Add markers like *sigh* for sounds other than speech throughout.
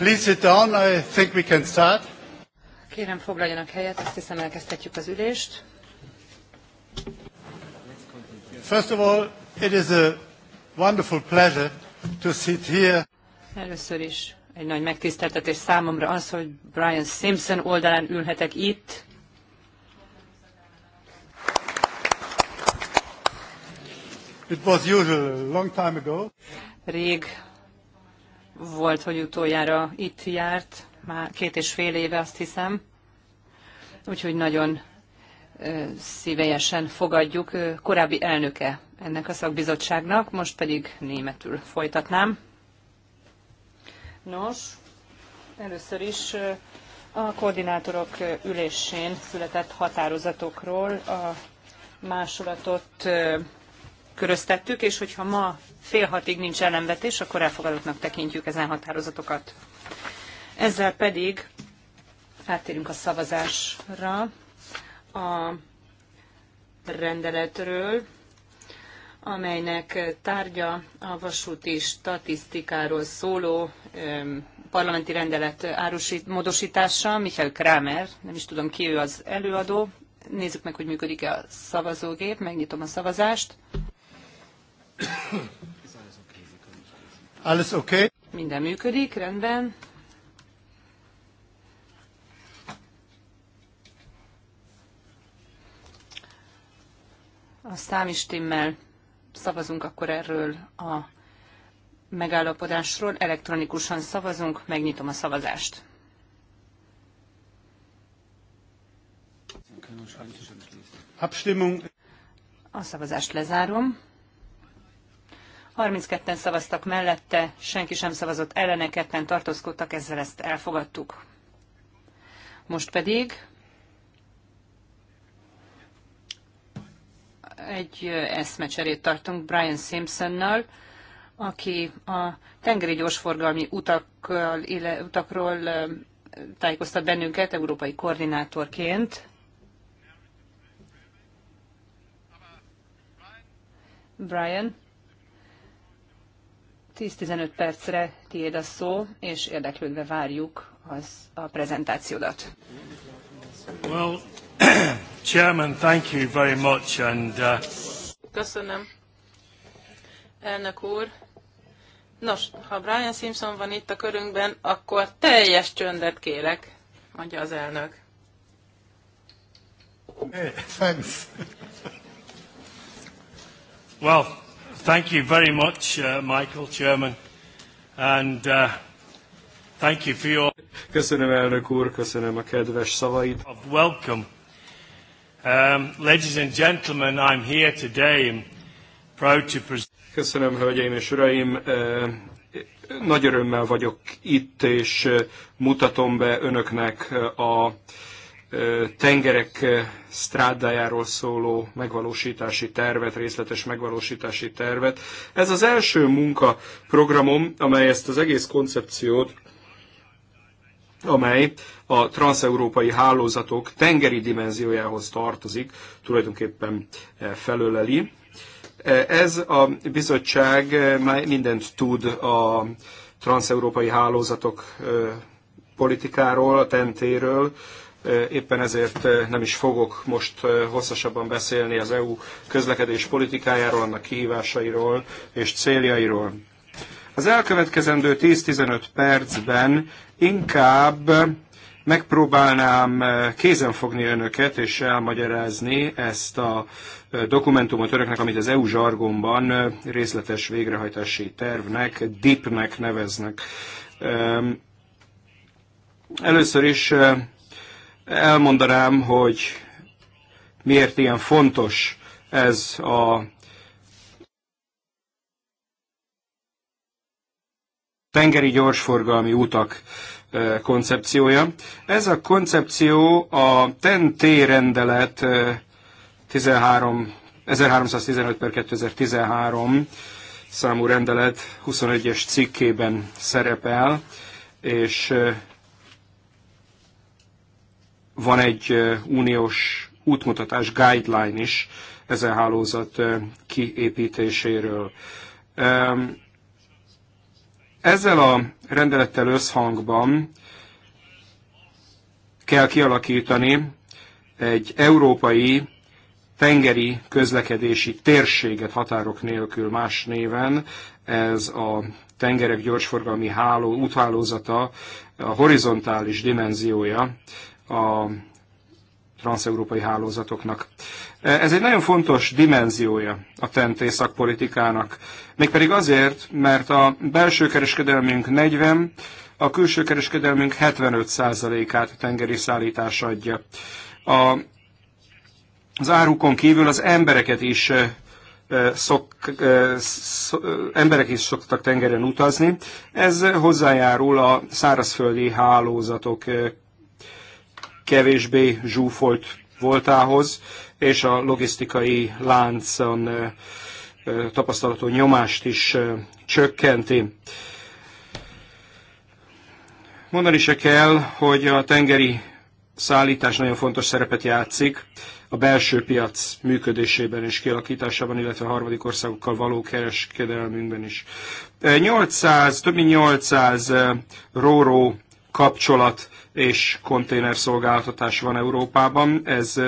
Please sit down. I think we can start. Kérem, foglaljanak helyet, azt hiszem elkezdhetjük az ülést. First of all, it is a wonderful pleasure to sit here. Először is egy nagy megtiszteltetés számomra az, hogy Brian Simpson oldalán ülhetek itt. It was usual a long time ago. Rég volt, hogy utoljára itt járt, már két és fél éve azt hiszem, úgyhogy nagyon szívesen fogadjuk korábbi elnöke ennek a szakbizottságnak, most pedig németül folytatnám. Nos, először is a koordinátorok ülésén született határozatokról a másolatot köröztettük, és hogyha ma fél hatig nincs ellenvetés, akkor elfogadottnak tekintjük ezen határozatokat. Ezzel pedig áttérünk a szavazásra a rendeletről, amelynek tárgya a vasúti statisztikáról szóló parlamenti rendelet árusít, módosítása. Michael Kramer, nem is tudom ki ő az előadó. Nézzük meg, hogy működik-e a szavazógép. Megnyitom a szavazást. Alles okay? Minden működik, rendben. A számistimmel szavazunk akkor erről a megállapodásról. Elektronikusan szavazunk, megnyitom a szavazást. Abstimmung. A szavazást lezárom. 32-en szavaztak mellette, senki sem szavazott ellene, ketten tartózkodtak, ezzel ezt elfogadtuk. Most pedig egy eszmecserét tartunk Brian Simpsonnal, aki a tengeri gyorsforgalmi utakkal, ile, utakról tájékoztat bennünket európai koordinátorként. Brian, 10-15 percre tiéd a szó, és érdeklődve várjuk az a prezentációdat. Well, *coughs* Chairman, thank you very much, and, uh... Köszönöm. Elnök úr, Nos, ha Brian Simpson van itt a körünkben, akkor teljes csöndet kérek, mondja az elnök. Hey, thanks. Well, Thank you very much, uh, Michael, Chairman, and uh, thank you for your... Köszönöm, elnök úr, köszönöm a kedves szavait. Of welcome. Um, ladies and gentlemen, I'm here today and proud to present... Köszönöm, hölgyeim és uraim. Uh, nagy örömmel vagyok itt, és uh, mutatom be önöknek uh, a tengerek strádájáról szóló megvalósítási tervet, részletes megvalósítási tervet. Ez az első munkaprogramom, amely ezt az egész koncepciót, amely a transeurópai hálózatok tengeri dimenziójához tartozik, tulajdonképpen felöleli. Ez a bizottság mindent tud a transeurópai hálózatok politikáról, a tentéről, éppen ezért nem is fogok most hosszasabban beszélni az EU közlekedés politikájáról, annak kihívásairól és céljairól. Az elkövetkezendő 10-15 percben inkább megpróbálnám kézen fogni önöket és elmagyarázni ezt a dokumentumot önöknek, amit az EU zsargonban részletes végrehajtási tervnek, DIP-nek neveznek. Először is Elmondanám, hogy miért ilyen fontos ez a tengeri gyorsforgalmi utak e, koncepciója. Ez a koncepció a TEN-T rendelet 13, e, 1315 per 2013 számú rendelet 21-es cikkében szerepel, és e, van egy uniós útmutatás, guideline is ezen hálózat kiépítéséről. Ezzel a rendelettel összhangban kell kialakítani egy európai tengeri közlekedési térséget határok nélkül más néven. Ez a tengerek gyorsforgalmi háló, úthálózata, a horizontális dimenziója a transeurópai hálózatoknak. Ez egy nagyon fontos dimenziója a TNT szakpolitikának, mégpedig azért, mert a belső kereskedelmünk 40, a külső kereskedelmünk 75%-át tengeri szállítás adja. A, az árukon kívül az embereket is szok, emberek is szoktak tengeren utazni. Ez hozzájárul a szárazföldi hálózatok kevésbé zsúfolt voltához, és a logisztikai láncon tapasztalatú nyomást is csökkenti. Mondani se kell, hogy a tengeri szállítás nagyon fontos szerepet játszik a belső piac működésében és kialakításában, illetve a harmadik országokkal való kereskedelmünkben is. 800, több mint 800 róró kapcsolat és konténerszolgáltatás van Európában. Ez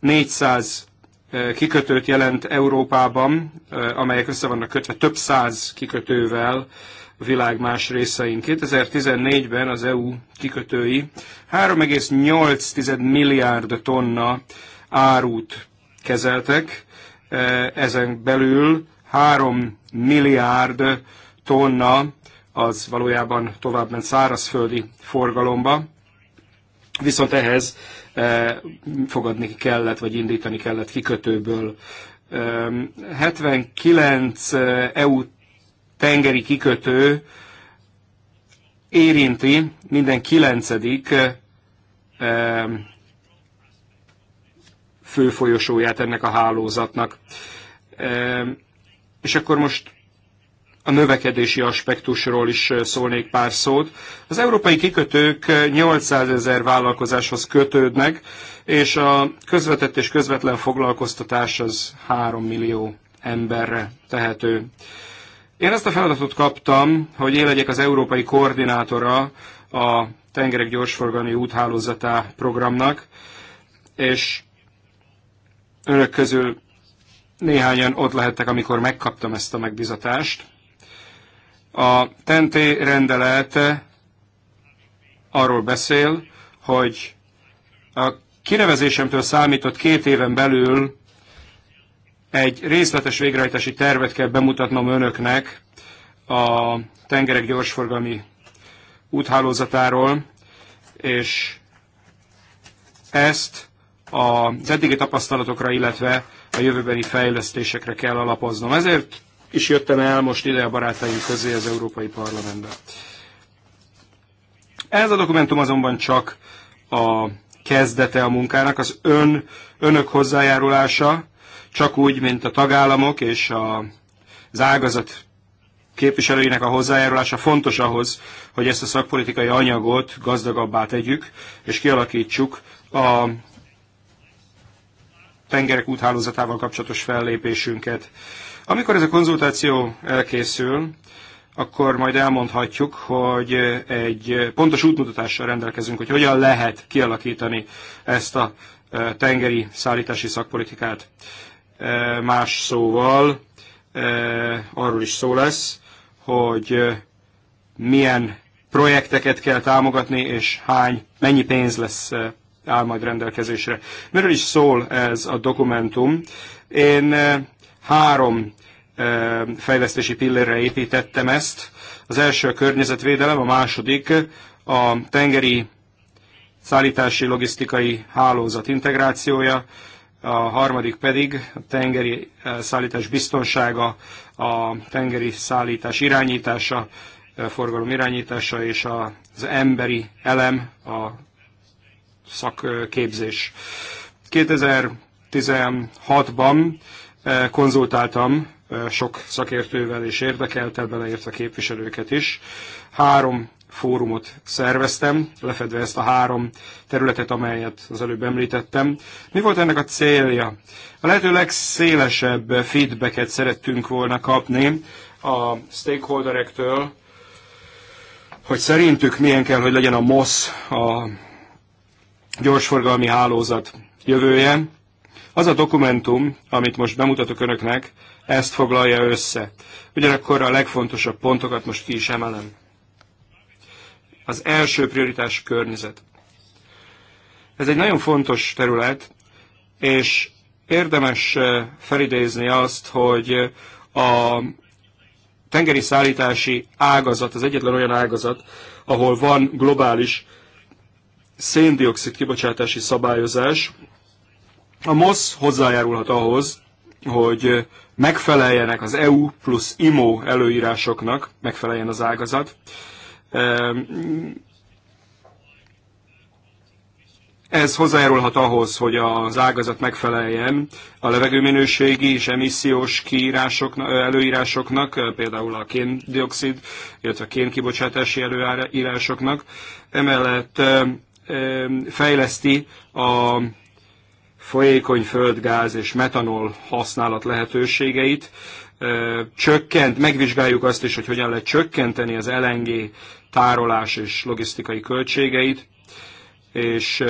400 eh, eh, kikötőt jelent Európában, eh, amelyek össze vannak kötve több száz kikötővel a világ más részein. 2014-ben az EU kikötői 3,8 milliárd tonna árut kezeltek, ezen belül 3 milliárd tonna az valójában továbbment szárazföldi forgalomba, viszont ehhez eh, fogadni kellett, vagy indítani kellett kikötőből. 79 eh, EU tengeri kikötő érinti minden kilencedik eh, főfolyosóját ennek a hálózatnak. És akkor most a növekedési aspektusról is szólnék pár szót. Az európai kikötők 800 ezer vállalkozáshoz kötődnek, és a közvetett és közvetlen foglalkoztatás az 3 millió emberre tehető. Én ezt a feladatot kaptam, hogy én legyek az európai koordinátora a tengerek gyorsforgalmi úthálózatá programnak, és önök közül néhányan ott lehettek, amikor megkaptam ezt a megbizatást. A tenté rendelet arról beszél, hogy a kinevezésemtől számított két éven belül egy részletes végrehajtási tervet kell bemutatnom önöknek a tengerek gyorsforgalmi úthálózatáról, és ezt az eddigi tapasztalatokra, illetve a jövőbeni fejlesztésekre kell alapoznom. Ezért is jöttem el most ide a barátaim közé az Európai Parlamentbe. Ez a dokumentum azonban csak a kezdete a munkának, az ön, önök hozzájárulása, csak úgy, mint a tagállamok és a, az ágazat képviselőinek a hozzájárulása fontos ahhoz, hogy ezt a szakpolitikai anyagot gazdagabbá tegyük, és kialakítsuk a tengerek úthálózatával kapcsolatos fellépésünket. Amikor ez a konzultáció elkészül, akkor majd elmondhatjuk, hogy egy pontos útmutatással rendelkezünk, hogy hogyan lehet kialakítani ezt a e, tengeri szállítási szakpolitikát. E, más szóval e, arról is szó lesz, hogy milyen projekteket kell támogatni, és hány, mennyi pénz lesz áll majd rendelkezésre. Miről is szól ez a dokumentum? Én három fejlesztési pillérre építettem ezt. Az első a környezetvédelem, a második a tengeri szállítási logisztikai hálózat integrációja, a harmadik pedig a tengeri szállítás biztonsága, a tengeri szállítás irányítása, forgalom irányítása és az emberi elem, a szakképzés. 2016-ban konzultáltam sok szakértővel és érdekeltel, beleértve képviselőket is. Három fórumot szerveztem, lefedve ezt a három területet, amelyet az előbb említettem. Mi volt ennek a célja? A lehető legszélesebb feedbacket szerettünk volna kapni a stakeholderektől, hogy szerintük milyen kell, hogy legyen a MOSZ, a gyorsforgalmi hálózat jövője. Az a dokumentum, amit most bemutatok önöknek, ezt foglalja össze. Ugyanakkor a legfontosabb pontokat most ki is emelem. Az első prioritás környezet. Ez egy nagyon fontos terület, és érdemes eh, felidézni azt, hogy a tengeri szállítási ágazat az egyetlen olyan ágazat, ahol van globális széndiokszid kibocsátási szabályozás. A MOSZ hozzájárulhat ahhoz, hogy megfeleljenek az EU plusz IMO előírásoknak, megfeleljen az ágazat. Ehm, ez hozzájárulhat ahhoz, hogy az ágazat megfeleljen a levegőminőségi és emissziós előírásoknak, például a kén-dioxid, illetve a kénkibocsátási előírásoknak. Emellett fejleszti a folyékony földgáz és metanol használat lehetőségeit. Csökkent, megvizsgáljuk azt is, hogy hogyan lehet csökkenteni az LNG tárolás és logisztikai költségeit, és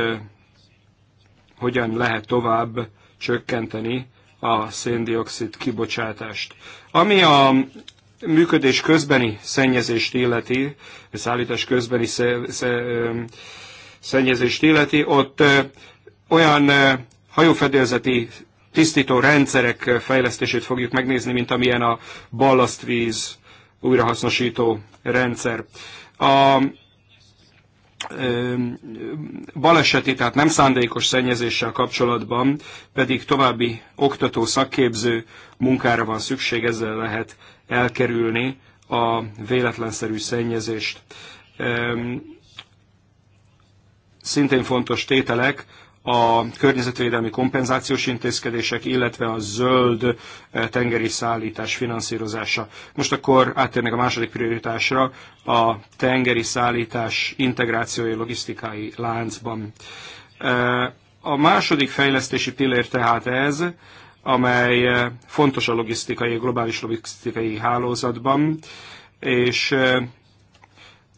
hogyan lehet tovább csökkenteni a széndiokszid kibocsátást. Ami a működés közbeni szennyezést illeti, szállítás közbeni szennyezést illeti, ott olyan hajófedélzeti tisztító rendszerek fejlesztését fogjuk megnézni, mint amilyen a ballasztvíz újrahasznosító rendszer. A baleseti, tehát nem szándékos szennyezéssel kapcsolatban pedig további oktató, szakképző munkára van szükség, ezzel lehet elkerülni a véletlenszerű szennyezést. Szintén fontos tételek a környezetvédelmi kompenzációs intézkedések, illetve a zöld eh, tengeri szállítás finanszírozása. Most akkor áttérnek a második prioritásra, a tengeri szállítás integrációi logisztikai láncban. Eh, a második fejlesztési pillér tehát ez, amely eh, fontos a logisztikai, a globális logisztikai hálózatban, és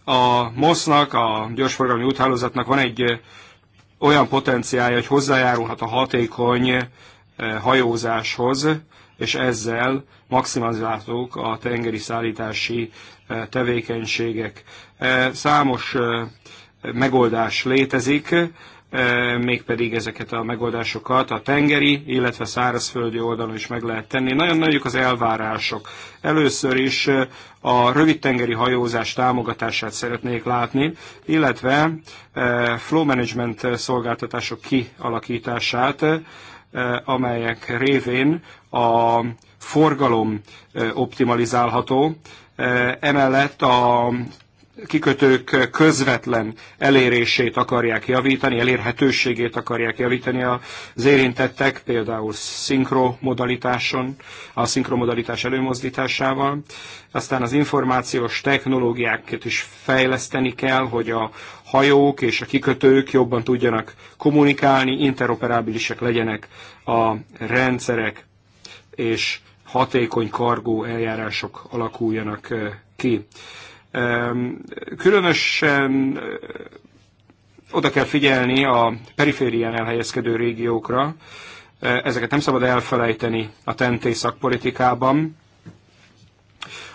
a MOSZ-nak, a gyorsforgalmi úthálózatnak van egy olyan potenciálja, hogy hozzájárulhat a hatékony eh, hajózáshoz, és ezzel maximalizáltuk a tengeri szállítási eh, tevékenységek. Eh, számos megoldás létezik, mégpedig ezeket a megoldásokat a tengeri, illetve szárazföldi oldalon is meg lehet tenni. Nagyon nagyok az elvárások. Először is a rövidtengeri hajózás támogatását szeretnék látni, illetve flow management szolgáltatások kialakítását, amelyek révén a forgalom optimalizálható, emellett a kikötők közvetlen elérését akarják javítani, elérhetőségét akarják javítani az érintettek, például szinkromodalitáson, a szinkromodalitás előmozdításával. Aztán az információs technológiákat is fejleszteni kell, hogy a hajók és a kikötők jobban tudjanak kommunikálni, interoperábilisek legyenek a rendszerek, és hatékony kargó eljárások alakuljanak eh, ki. Különösen oda kell figyelni a periférián elhelyezkedő régiókra, ezeket nem szabad elfelejteni a TNT szakpolitikában.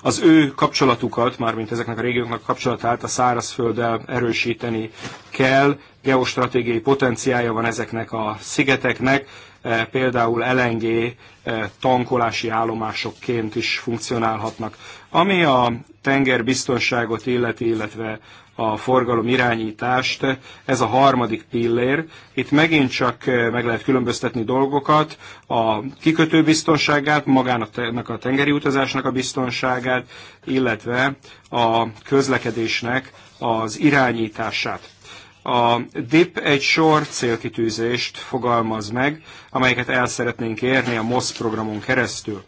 Az ő kapcsolatukat, mármint ezeknek a régióknak a kapcsolatát a szárazfölddel erősíteni kell, geostratégiai potenciája van ezeknek a szigeteknek, E, például LNG e, tankolási állomásokként is funkcionálhatnak. Ami a tengerbiztonságot illeti, illetve a forgalom irányítást, ez a harmadik pillér. Itt megint csak e, meg lehet különböztetni dolgokat, a kikötő biztonságát, magának a tengeri utazásnak a biztonságát, illetve a közlekedésnek az irányítását. A DIP egy sor célkitűzést fogalmaz meg, amelyeket el szeretnénk érni a MOSZ programon keresztül.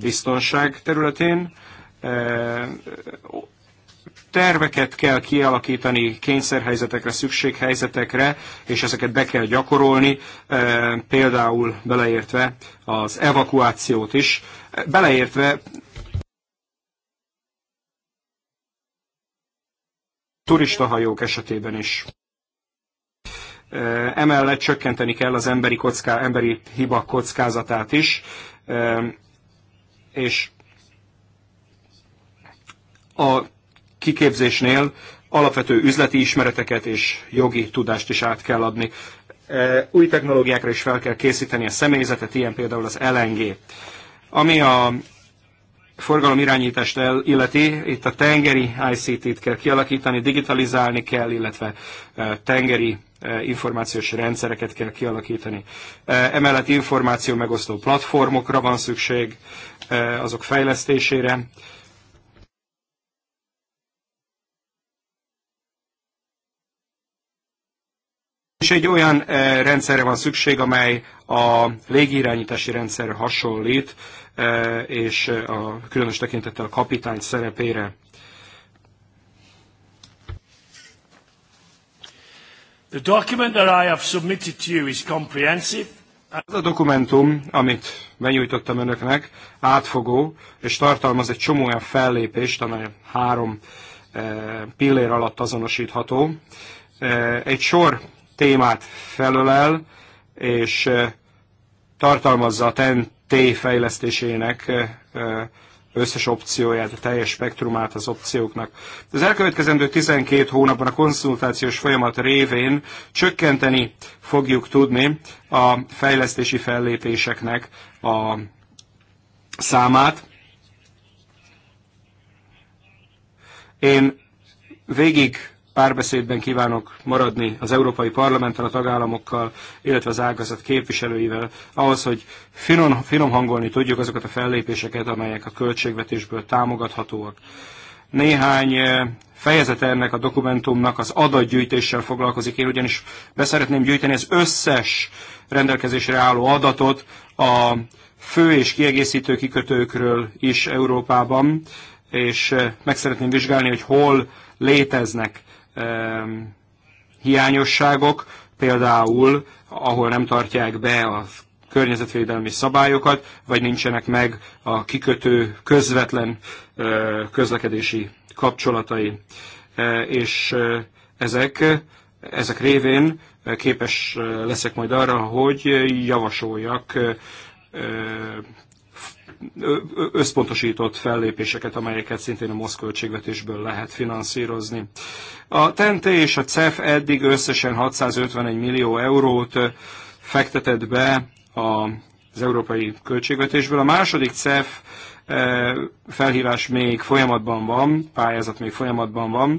Biztonság területén e, terveket kell kialakítani kényszerhelyzetekre, szükséghelyzetekre, és ezeket be kell gyakorolni, e, például beleértve az evakuációt is, beleértve turistahajók esetében is. Emellett csökkenteni kell az emberi, kocká, emberi hiba kockázatát is, és a kiképzésnél alapvető üzleti ismereteket és jogi tudást is át kell adni. Új technológiákra is fel kell készíteni a személyzetet, ilyen például az LNG. Ami a forgalomirányítást el, illeti, itt a tengeri ICT-t kell kialakítani, digitalizálni kell, illetve e, tengeri e, információs rendszereket kell kialakítani. E, emellett információ megosztó platformokra van szükség, azok fejlesztésére. És egy olyan rendszerre van szükség, amely a légirányítási rendszer hasonlít, E, és e, a különös tekintettel a kapitány szerepére. The document that I have submitted to you is comprehensive. Ez a dokumentum, amit benyújtottam önöknek, átfogó, és tartalmaz egy csomó olyan fellépést, amely három e, pillér alatt azonosítható. Egy sor témát felölel, és tartalmazza a ten T fejlesztésének eh, eh, összes opcióját, a teljes spektrumát az opcióknak. Az elkövetkezendő 12 hónapban a konszultációs folyamat révén csökkenteni fogjuk tudni a fejlesztési fellépéseknek a számát. Én végig párbeszédben kívánok maradni az Európai Parlamenttel, a tagállamokkal, illetve az ágazat képviselőivel, ahhoz, hogy finom, finom hangolni tudjuk azokat a fellépéseket, amelyek a költségvetésből támogathatóak. Néhány eh, fejezete ennek a dokumentumnak az adatgyűjtéssel foglalkozik. Én ugyanis beszeretném gyűjteni az összes rendelkezésre álló adatot a fő és kiegészítő kikötőkről is Európában, és eh, meg szeretném vizsgálni, hogy hol léteznek hiányosságok, például ahol nem tartják be a környezetvédelmi szabályokat, vagy nincsenek meg a kikötő közvetlen közlekedési kapcsolatai. És ezek, ezek révén képes leszek majd arra, hogy javasoljak összpontosított fellépéseket, amelyeket szintén a MOSZ költségvetésből lehet finanszírozni. A TNT és a CEF eddig összesen 651 millió eurót fektetett be az európai költségvetésből. A második CEF Felhívás még folyamatban van, pályázat még folyamatban van.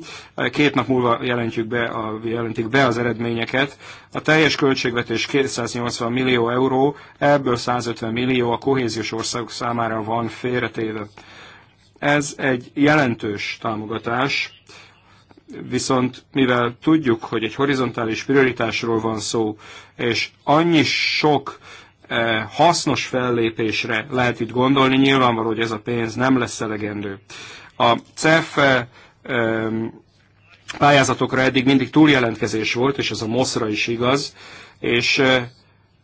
Két nap múlva jelentjük be a, jelentik be az eredményeket. A teljes költségvetés 280 millió euró, ebből 150 millió a kohéziós országok számára van félretéve. Ez egy jelentős támogatás, viszont mivel tudjuk, hogy egy horizontális prioritásról van szó, és annyi sok uh, E, hasznos fellépésre lehet itt gondolni, nyilvánvaló, hogy ez a pénz nem lesz elegendő. A CEF e, e, pályázatokra eddig mindig túljelentkezés volt, és ez a MOSZ-ra is igaz, és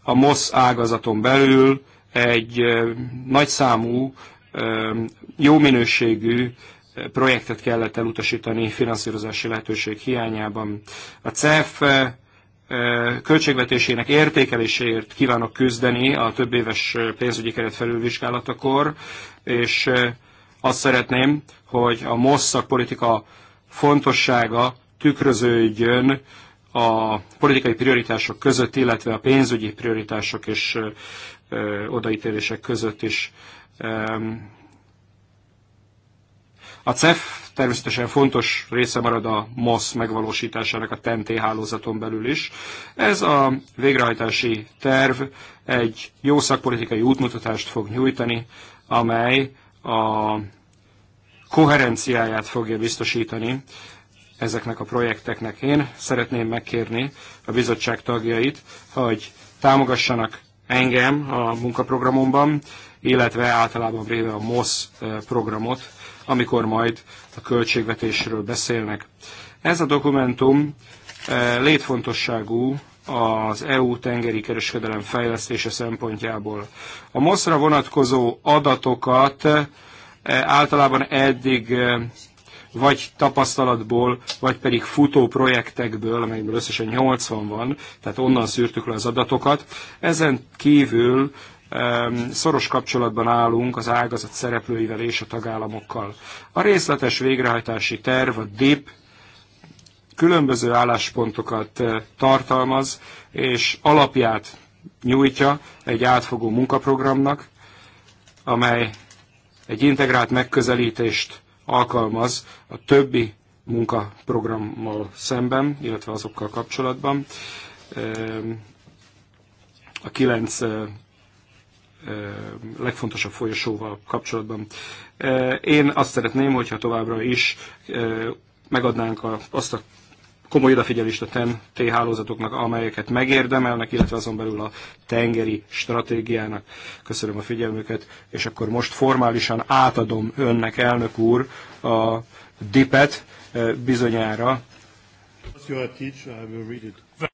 a MOSZ ágazaton belül egy nagyszámú, jó minőségű projektet kellett elutasítani finanszírozási lehetőség hiányában. A CEF költségvetésének értékeléséért kívánok küzdeni a több éves pénzügyi keret felülvizsgálatakor, és azt szeretném, hogy a MOSZ politika fontossága tükröződjön a politikai prioritások között, illetve a pénzügyi prioritások és odaítélések között is. A CEF természetesen fontos része marad a MOSZ megvalósításának a TNT hálózaton belül is. Ez a végrehajtási terv egy jó szakpolitikai útmutatást fog nyújtani, amely a koherenciáját fogja biztosítani ezeknek a projekteknek. Én szeretném megkérni a bizottság tagjait, hogy támogassanak engem a munkaprogramomban, illetve általában véve a MOSZ eh, programot, amikor majd a költségvetésről beszélnek. Ez a dokumentum eh, létfontosságú az EU tengeri kereskedelem fejlesztése szempontjából. A moszra vonatkozó adatokat eh, általában eddig eh, vagy tapasztalatból, vagy pedig futó projektekből, amelyből összesen 80 van, tehát onnan szűrtük le az adatokat. Ezen kívül Szoros kapcsolatban állunk az ágazat szereplőivel és a tagállamokkal. A részletes végrehajtási terv, a DIP, különböző álláspontokat eh, tartalmaz, és alapját nyújtja egy átfogó munkaprogramnak, amely egy integrált megközelítést alkalmaz a többi munkaprogrammal szemben, illetve azokkal kapcsolatban. A kilenc eh, legfontosabb folyosóval kapcsolatban. Én azt szeretném, hogyha továbbra is megadnánk azt a komoly odafigyelést a TEN-T e hálózatoknak, amelyeket megérdemelnek, illetve azon belül a tengeri stratégiának. Köszönöm a figyelmüket, és akkor most formálisan átadom önnek, elnök úr, a dipet bizonyára.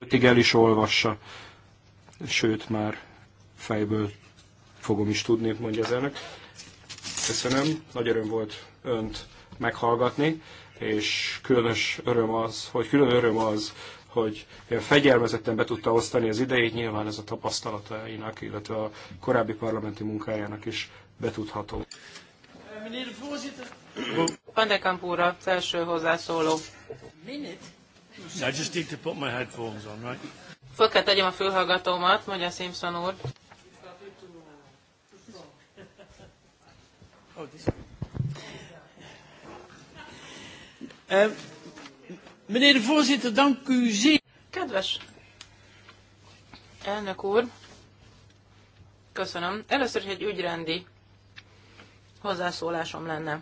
Ötig el is olvassa, sőt már fejből fogom is tudni, mondja az elnök. Köszönöm, nagy öröm volt önt meghallgatni, és különös öröm az, hogy külön öröm az, hogy fegyelmezetten be tudta osztani az idejét, nyilván ez a tapasztalatainak, illetve a korábbi parlamenti munkájának is betudható. Van de Kampúr az első hozzászóló. I just need to put my headphones on, right? Föl kell tegyem a fülhallgatómat, mondja Simpson úr. Uh, meneer de voorzitter, dank u zeer. Kedves elnök úr, köszönöm. Először is egy ügyrendi hozzászólásom lenne.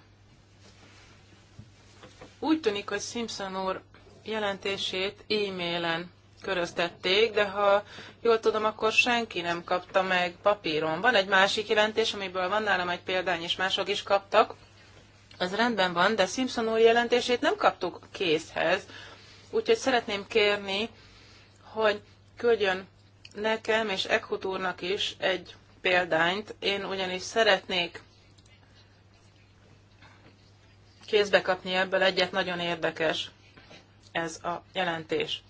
Úgy tűnik, hogy Simpson úr jelentését e-mailen köröztették, de ha jól tudom, akkor senki nem kapta meg papíron. Van egy másik jelentés, amiből van nálam egy példány, és mások is kaptak. Az rendben van, de Simpson úr jelentését nem kaptuk készhez. Úgyhogy szeretném kérni, hogy küldjön nekem és Ekhut úrnak is egy példányt. Én ugyanis szeretnék kézbe kapni ebből egyet, nagyon érdekes ez a jelentés.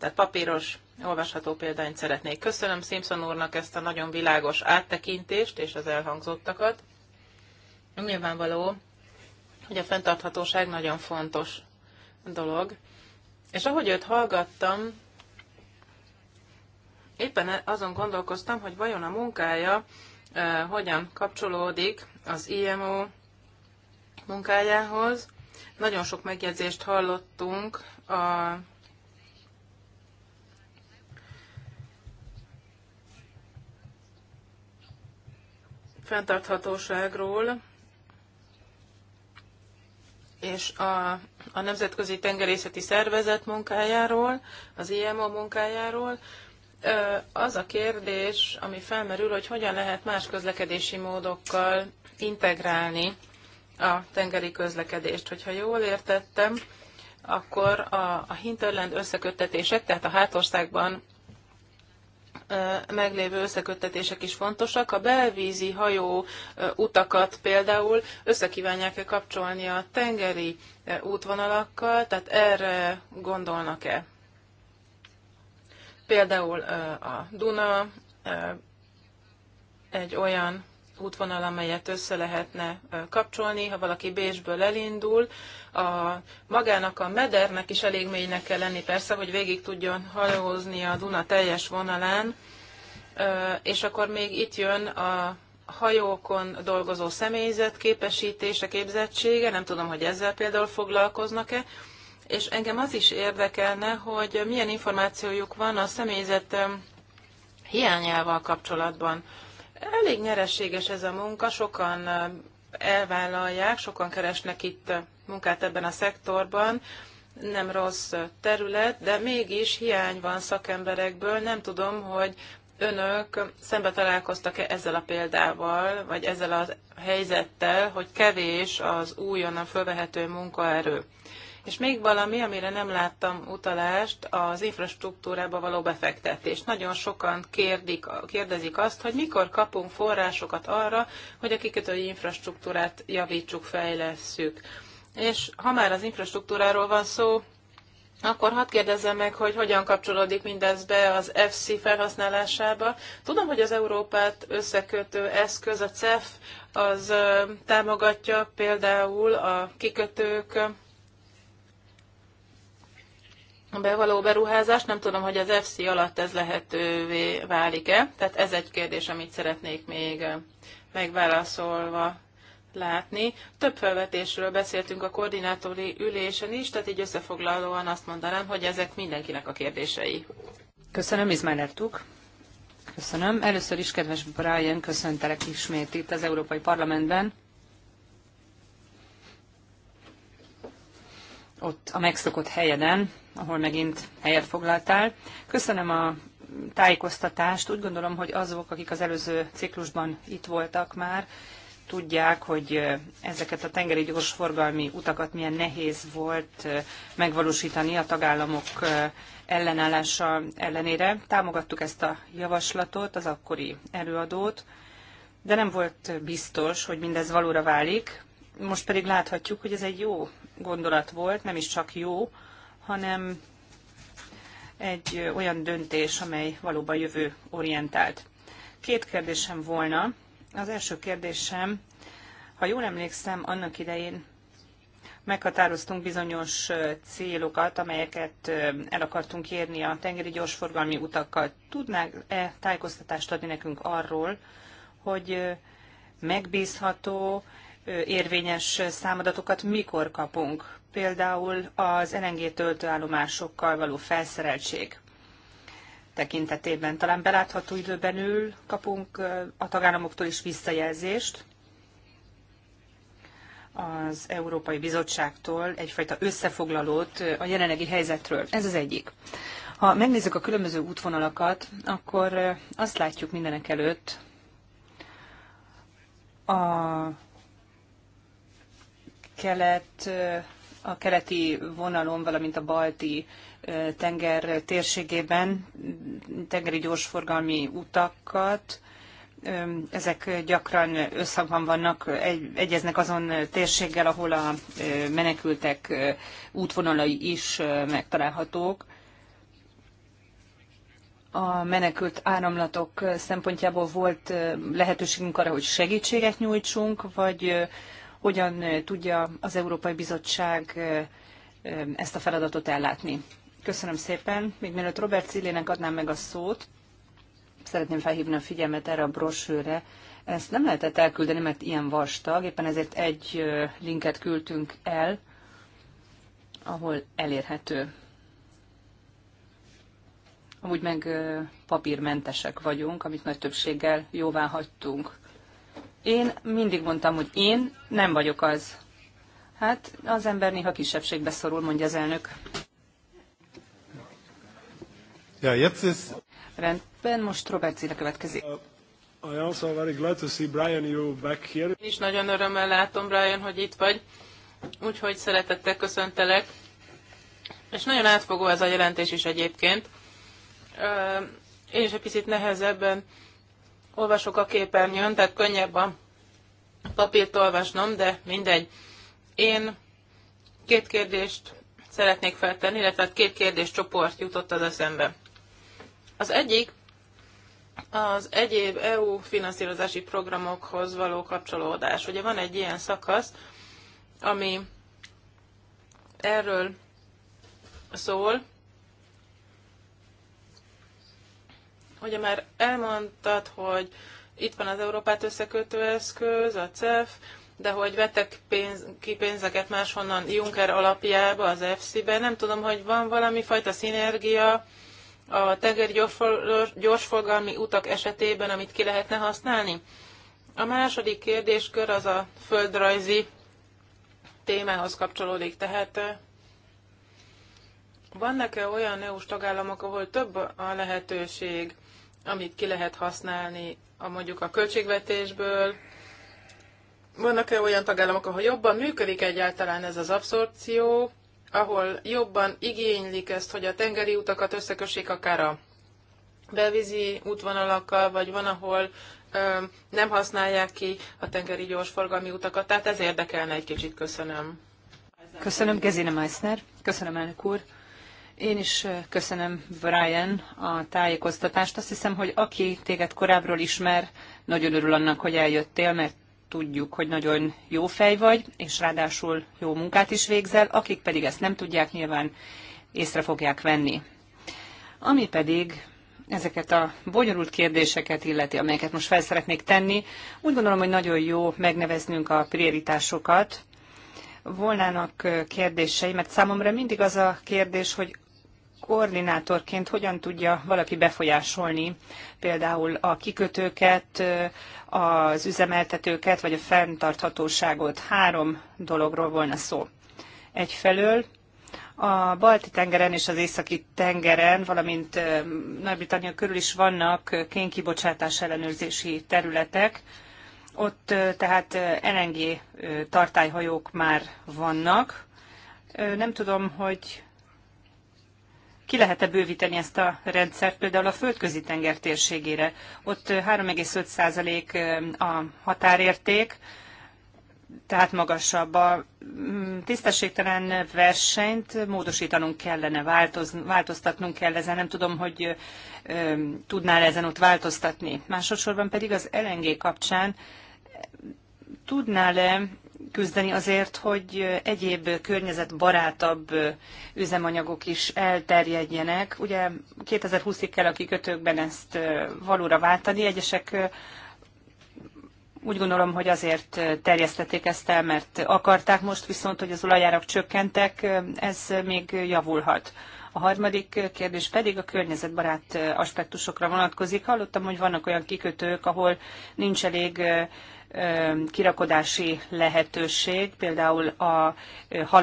Tehát papíros, olvasható példányt szeretnék. Köszönöm Simpson úrnak ezt a nagyon világos áttekintést és az elhangzottakat. Nyilvánvaló, hogy a fenntarthatóság nagyon fontos dolog. És ahogy őt hallgattam, éppen e- azon gondolkoztam, hogy vajon a munkája eh, hogyan kapcsolódik az IMO munkájához. Nagyon sok megjegyzést hallottunk a fenntarthatóságról és a, a Nemzetközi Tengerészeti Szervezet munkájáról, az IMO munkájáról. Az a kérdés, ami felmerül, hogy hogyan lehet más közlekedési módokkal integrálni a tengeri közlekedést. Hogyha jól értettem, akkor a, a hinterland összeköttetések, tehát a hátországban meglévő összeköttetések is fontosak. A belvízi hajó utakat például összekívánják-e kapcsolni a tengeri útvonalakkal, tehát erre gondolnak-e? Például a Duna egy olyan útvonal, amelyet össze lehetne kapcsolni, ha valaki Bécsből elindul. A, magának a medernek is elég mélynek kell lenni persze, hogy végig tudjon hajózni a Duna teljes vonalán, és akkor még itt jön a hajókon dolgozó személyzet képesítése, képzettsége, nem tudom, hogy ezzel például foglalkoznak-e, és engem az is érdekelne, hogy milyen információjuk van a személyzet hiányával kapcsolatban. Elég nyereséges ez a munka, sokan elvállalják, sokan keresnek itt munkát ebben a szektorban, nem rossz terület, de mégis hiány van szakemberekből. Nem tudom, hogy önök szembe találkoztak-e ezzel a példával, vagy ezzel a helyzettel, hogy kevés az újonnan fölvehető munkaerő. És még valami, amire nem láttam utalást, az infrastruktúrába való befektetés. Nagyon sokan kérdik, kérdezik azt, hogy mikor kapunk forrásokat arra, hogy a kikötői infrastruktúrát javítsuk, fejlesszük. És ha már az infrastruktúráról van szó, akkor hadd kérdezzem meg, hogy hogyan kapcsolódik mindez be az FC felhasználásába. Tudom, hogy az Európát összekötő eszköz, a CEF, az támogatja például a kikötők bevaló beruházás. Nem tudom, hogy az FC alatt ez lehetővé válik-e. Tehát ez egy kérdés, amit szeretnék még eh, megválaszolva látni. Több felvetésről beszéltünk a koordinátori ülésen is, tehát így összefoglalóan azt mondanám, hogy ezek mindenkinek a kérdései. Köszönöm, Izmánertuk. Köszönöm. Először is, kedves Brian, köszöntelek ismét itt az Európai Parlamentben. Ott a megszokott helyeden, ahol megint helyet foglaltál. Köszönöm a tájékoztatást. Úgy gondolom, hogy azok, akik az előző ciklusban itt voltak már, tudják, hogy ezeket a tengeri gyorsforgalmi utakat milyen nehéz volt megvalósítani a tagállamok ellenállása ellenére. Támogattuk ezt a javaslatot, az akkori előadót, de nem volt biztos, hogy mindez valóra válik. Most pedig láthatjuk, hogy ez egy jó gondolat volt, nem is csak jó, hanem egy olyan döntés, amely valóban jövő orientált. Két kérdésem volna. Az első kérdésem, ha jól emlékszem, annak idején meghatároztunk bizonyos célokat, amelyeket el akartunk érni a tengeri gyorsforgalmi utakkal. Tudnák-e tájékoztatást adni nekünk arról, hogy megbízható, érvényes számadatokat mikor kapunk? például az LNG töltőállomásokkal való felszereltség tekintetében. Talán belátható időben ül, kapunk a tagállamoktól is visszajelzést az Európai Bizottságtól egyfajta összefoglalót a jelenlegi helyzetről. Ez az egyik. Ha megnézzük a különböző útvonalakat, akkor azt látjuk mindenek előtt a kelet a keleti vonalon, valamint a balti tenger térségében tengeri gyorsforgalmi utakat, ezek gyakran összhangban vannak, egy, egyeznek azon térséggel, ahol a menekültek útvonalai is megtalálhatók. A menekült áramlatok szempontjából volt lehetőségünk arra, hogy segítséget nyújtsunk, vagy hogyan tudja az Európai Bizottság ezt a feladatot ellátni. Köszönöm szépen. Még mielőtt Robert Cillének adnám meg a szót, szeretném felhívni a figyelmet erre a brosőre. Ezt nem lehetett elküldeni, mert ilyen vastag, éppen ezért egy linket küldtünk el, ahol elérhető. Amúgy meg papírmentesek vagyunk, amit nagy többséggel jóvá hagytunk. Én mindig mondtam, hogy én nem vagyok az. Hát az ember néha kisebbségbe szorul, mondja az elnök. Ja, jetzt ist... Rendben, most Robert Zile következik. Uh, I also very glad to see Brian you back here. is nagyon örömmel látom, Brian, hogy itt vagy. Úgyhogy szeretettel köszöntelek. És nagyon átfogó ez a jelentés is egyébként. Uh, én is egy picit nehezebben olvasok a képernyőn, tehát könnyebb a papírt olvasnom, de mindegy. Én két kérdést szeretnék feltenni, illetve hát két kérdés csoport jutott az eszembe. Az egyik az egyéb EU finanszírozási programokhoz való kapcsolódás. Ugye van egy ilyen szakasz, ami erről szól, Ugye már elmondtad, hogy itt van az Európát összekötő eszköz, a CEF, de hogy vettek pénz, ki pénzeket máshonnan Juncker alapjába, az EFSI-be, nem tudom, hogy van valami fajta szinergia a tenger gyorsforgalmi utak esetében, amit ki lehetne használni. A második kérdéskör az a földrajzi témához kapcsolódik, tehát vannak-e olyan EU-s tagállamok, ahol több a lehetőség? amit ki lehet használni a mondjuk a költségvetésből. Vannak-e olyan tagállamok, ahol jobban működik egyáltalán ez az abszorpció, ahol jobban igénylik ezt, hogy a tengeri utakat összekössék akár a belvízi útvonalakkal, vagy van, ahol ö, nem használják ki a tengeri gyorsforgalmi utakat. Tehát ez érdekelne egy kicsit, köszönöm. Köszönöm, Gezine Meissner. Köszönöm, elnök úr. Én is köszönöm, Brian, a tájékoztatást. Azt hiszem, hogy aki téged korábbról ismer, nagyon örül annak, hogy eljöttél, mert tudjuk, hogy nagyon jó fej vagy, és ráadásul jó munkát is végzel, akik pedig ezt nem tudják, nyilván észre fogják venni. Ami pedig ezeket a bonyolult kérdéseket illeti, amelyeket most fel szeretnék tenni, úgy gondolom, hogy nagyon jó megneveznünk a prioritásokat, volnának kérdései, mert számomra mindig az a kérdés, hogy koordinátorként hogyan tudja valaki befolyásolni például a kikötőket, az üzemeltetőket, vagy a fenntarthatóságot. Három dologról volna szó. Egyfelől a Balti-tengeren és az Északi-tengeren, valamint Nagy-Britannia körül is vannak kénkibocsátás ellenőrzési területek. Ott tehát LNG tartályhajók már vannak. Nem tudom, hogy ki lehet-e bővíteni ezt a rendszert például a földközi tenger térségére? Ott 3,5% a határérték, tehát magasabb. A mm, tisztességtelen versenyt módosítanunk kellene, változ, változtatnunk kell ezen. Nem tudom, hogy ö, tudnál ezen ott változtatni. Másodszorban pedig az LNG kapcsán tudnál-e küzdeni azért, hogy egyéb környezetbarátabb üzemanyagok is elterjedjenek. Ugye 2020-ig kell a kikötőkben ezt valóra váltani. Egyesek úgy gondolom, hogy azért terjesztették ezt el, mert akarták most viszont, hogy az olajárak csökkentek, ez még javulhat. A harmadik kérdés pedig a környezetbarát aspektusokra vonatkozik. Hallottam, hogy vannak olyan kikötők, ahol nincs elég kirakodási lehetőség, például a,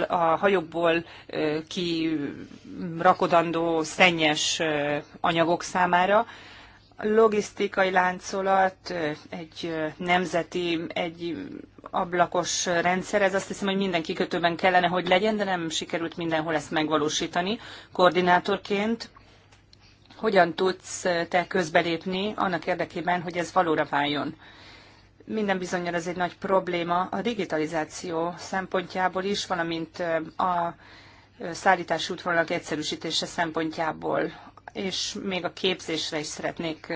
a hajókból kirakodandó szennyes anyagok számára. Logisztikai láncolat, egy nemzeti, egy ablakos rendszer, ez azt hiszem, hogy minden kikötőben kellene, hogy legyen, de nem sikerült mindenhol ezt megvalósítani. Koordinátorként hogyan tudsz te közbelépni annak érdekében, hogy ez valóra váljon? minden bizonyal ez egy nagy probléma a digitalizáció szempontjából is, valamint a szállítási útvonalak egyszerűsítése szempontjából és még a képzésre is szeretnék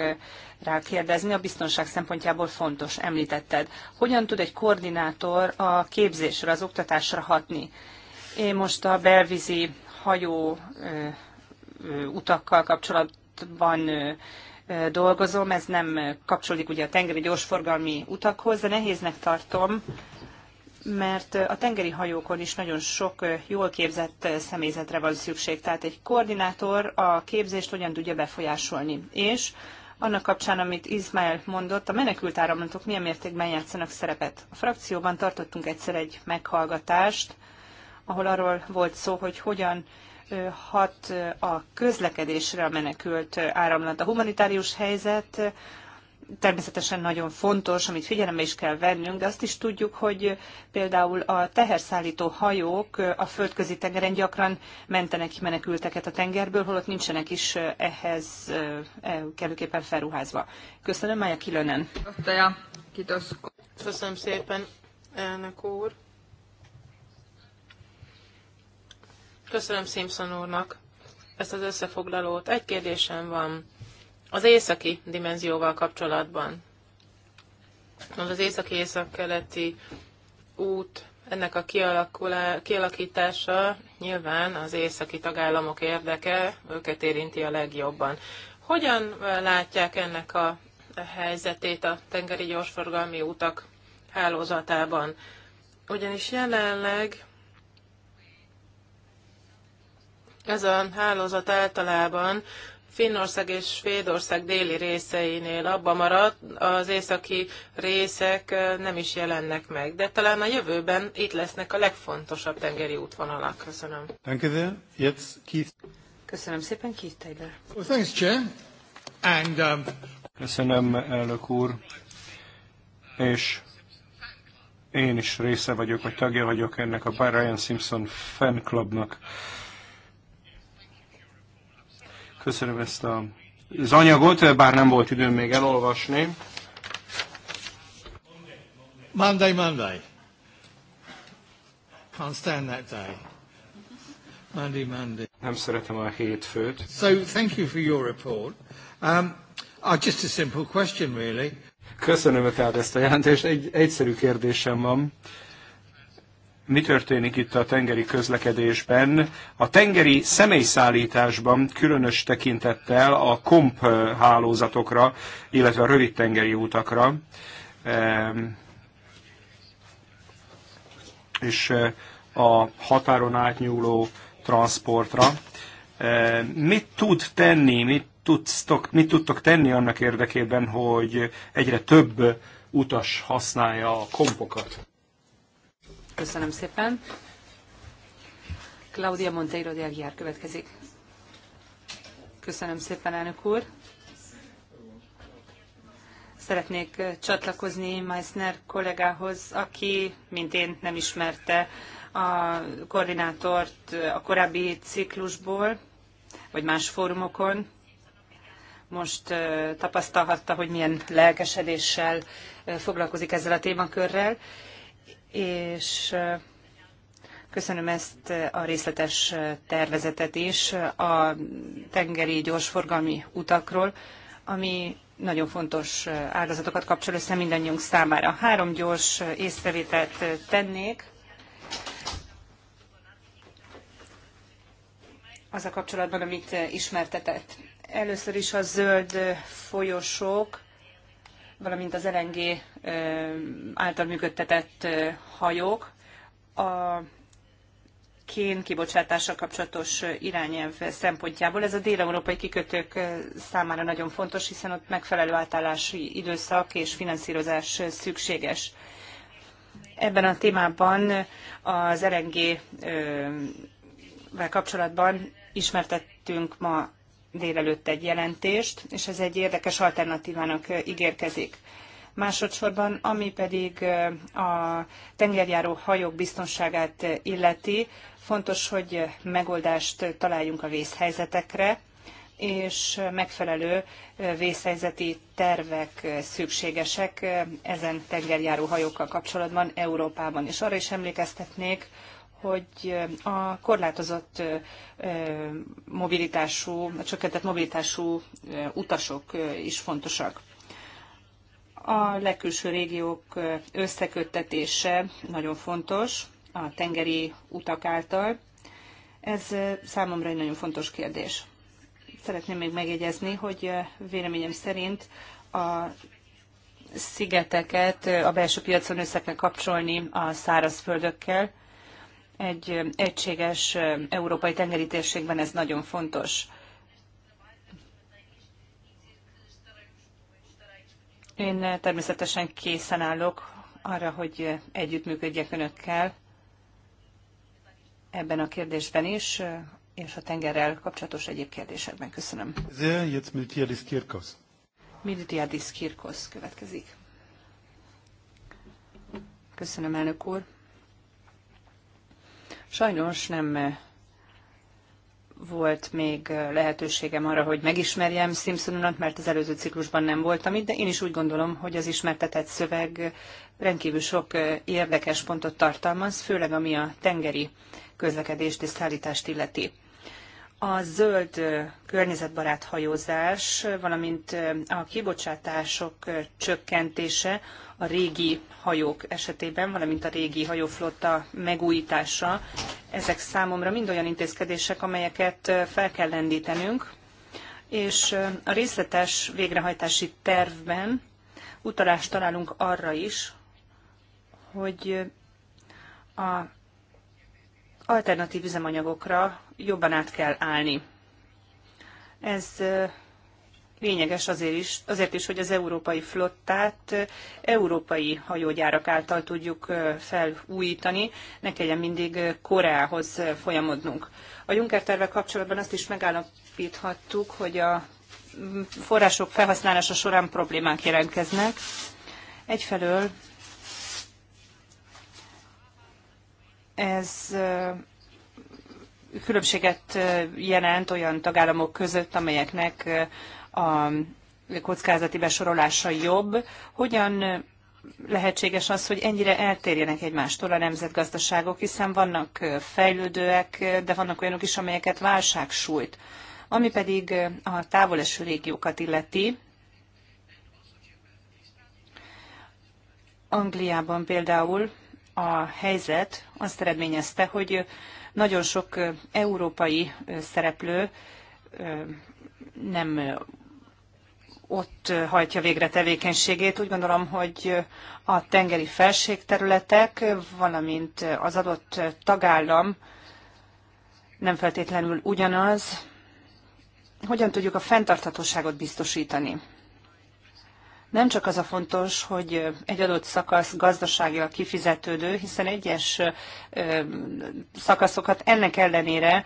rákérdezni. A biztonság szempontjából fontos, említetted. Hogyan tud egy koordinátor a képzésre, az oktatásra hatni? Én most a belvízi hajó utakkal kapcsolatban dolgozom, ez nem kapcsolódik ugye a tengeri gyorsforgalmi utakhoz, de nehéznek tartom, mert a tengeri hajókon is nagyon sok jól képzett személyzetre van szükség. Tehát egy koordinátor a képzést hogyan tudja befolyásolni. És annak kapcsán, amit Izmael mondott, a menekült áramlatok milyen mértékben játszanak szerepet. A frakcióban tartottunk egyszer egy meghallgatást, ahol arról volt szó, hogy hogyan hat a közlekedésre a menekült áramlat. A humanitárius helyzet természetesen nagyon fontos, amit figyelembe is kell vennünk, de azt is tudjuk, hogy például a teherszállító hajók a földközi tengeren gyakran mentenek ki menekülteket a tengerből, holott nincsenek is ehhez e, kellőképpen felruházva. Köszönöm, Mája Kilönen. Köszönöm szépen, elnök úr. Köszönöm Simpson úrnak ezt az összefoglalót. Egy kérdésem van az északi dimenzióval kapcsolatban. Az északi-észak-keleti út, ennek a kialakítása nyilván az északi tagállamok érdeke, őket érinti a legjobban. Hogyan eh, látják ennek a helyzetét a tengeri gyorsforgalmi utak hálózatában? Ugyanis jelenleg Ez a hálózat általában Finnország és Svédország déli részeinél abba marad, az északi részek nem is jelennek meg, de talán a jövőben itt lesznek a legfontosabb tengeri útvonalak. Köszönöm. Köszönöm szépen, Keith Taylor. Well, thanks, Chair. And, um, Köszönöm, elnök úr. És én is része vagyok, vagy tagja vagyok ennek a Brian Simpson fan clubnak Köszönöm ezt a, az anyagot, bár nem volt időm még elolvasni. Monday, Monday. Can't stand that day. Monday, Monday. Nem szeretem a hétfőt. So, thank you for your report. Um, uh, just a simple question, really. Köszönöm tehát ezt a jelentést. Egy egyszerű kérdésem van. Uh, mi történik itt a tengeri közlekedésben. A tengeri személyszállításban különös tekintettel a komp hálózatokra, illetve a rövid tengeri utakra. Ehm, és eh, a határon átnyúló transportra. Ehm, mit tud tenni, mit, tudtok, mit tudtok tenni annak érdekében, hogy egyre több utas használja a kompokat? Köszönöm szépen. Claudia Monteiro de Aguiar következik. Köszönöm szépen, elnök úr. Szeretnék csatlakozni Meissner kollégához, aki, mint én, nem ismerte a koordinátort a korábbi ciklusból, vagy más fórumokon. Most tapasztalhatta, hogy milyen lelkesedéssel foglalkozik ezzel a témakörrel és köszönöm ezt a részletes tervezetet is a tengeri gyorsforgalmi utakról, ami nagyon fontos ágazatokat kapcsol össze mindannyiunk számára. Három gyors észrevételt tennék. Az a kapcsolatban, amit ismertetett. Először is a zöld folyosók valamint az LNG által működtetett hajók. A kén kibocsátással kapcsolatos irányelv szempontjából. Ez a dél-európai kikötők számára nagyon fontos, hiszen ott megfelelő átállási időszak és finanszírozás szükséges. Ebben a témában az LNG-vel kapcsolatban ismertettünk ma délelőtt egy jelentést, és ez egy érdekes alternatívának ígérkezik. Másodszorban, ami pedig a tengerjáró hajók biztonságát illeti, fontos, hogy megoldást találjunk a vészhelyzetekre, és megfelelő vészhelyzeti tervek szükségesek ezen tengerjáró hajókkal kapcsolatban Európában. És arra is emlékeztetnék, hogy a korlátozott mobilitású, a csökkentett mobilitású utasok is fontosak. A legkülső régiók összeköttetése nagyon fontos a tengeri utak által. Ez számomra egy nagyon fontos kérdés. Szeretném még megjegyezni, hogy véleményem szerint a szigeteket a belső piacon össze kell kapcsolni a szárazföldökkel, egy egységes európai tengeri térségben ez nagyon fontos. Én természetesen készen állok arra, hogy együttműködjek önökkel ebben a kérdésben is, és a tengerrel kapcsolatos egyéb kérdésekben. Köszönöm. Miltiadis Miltiadis Kirkos következik. Köszönöm, elnök úr. Sajnos nem eh, volt még eh, lehetőségem arra, hogy megismerjem simpson Simpsononat, mert az előző ciklusban nem voltam itt, de én is úgy gondolom, hogy az ismertetett szöveg rendkívül sok eh, érdekes pontot tartalmaz, főleg ami a tengeri közlekedést és szállítást illeti a zöld környezetbarát hajózás, valamint a kibocsátások csökkentése a régi hajók esetében, valamint a régi hajóflotta megújítása. Ezek számomra mind olyan intézkedések, amelyeket fel kell lendítenünk, és a részletes végrehajtási tervben utalást találunk arra is, hogy a alternatív üzemanyagokra jobban át kell állni. Ez lényeges azért is, azért is, hogy az európai flottát európai hajógyárak által tudjuk felújítani, ne kelljen mindig Koreához folyamodnunk. A Juncker tervvel kapcsolatban azt is megállapíthattuk, hogy a források felhasználása során problémák jelentkeznek. Egyfelől Ez különbséget jelent olyan tagállamok között, amelyeknek a kockázati besorolása jobb. Hogyan lehetséges az, hogy ennyire eltérjenek egymástól a nemzetgazdaságok, hiszen vannak fejlődőek, de vannak olyanok is, amelyeket válság sújt. Ami pedig a távoleső régiókat illeti, Angliában például a helyzet azt eredményezte, hogy nagyon sok európai szereplő nem ott hajtja végre tevékenységét. Úgy gondolom, hogy a tengeri felségterületek, valamint az adott tagállam nem feltétlenül ugyanaz. Hogyan tudjuk a fenntarthatóságot biztosítani? Nem csak az a fontos, hogy egy adott szakasz gazdaságilag kifizetődő, hiszen egyes szakaszokat ennek ellenére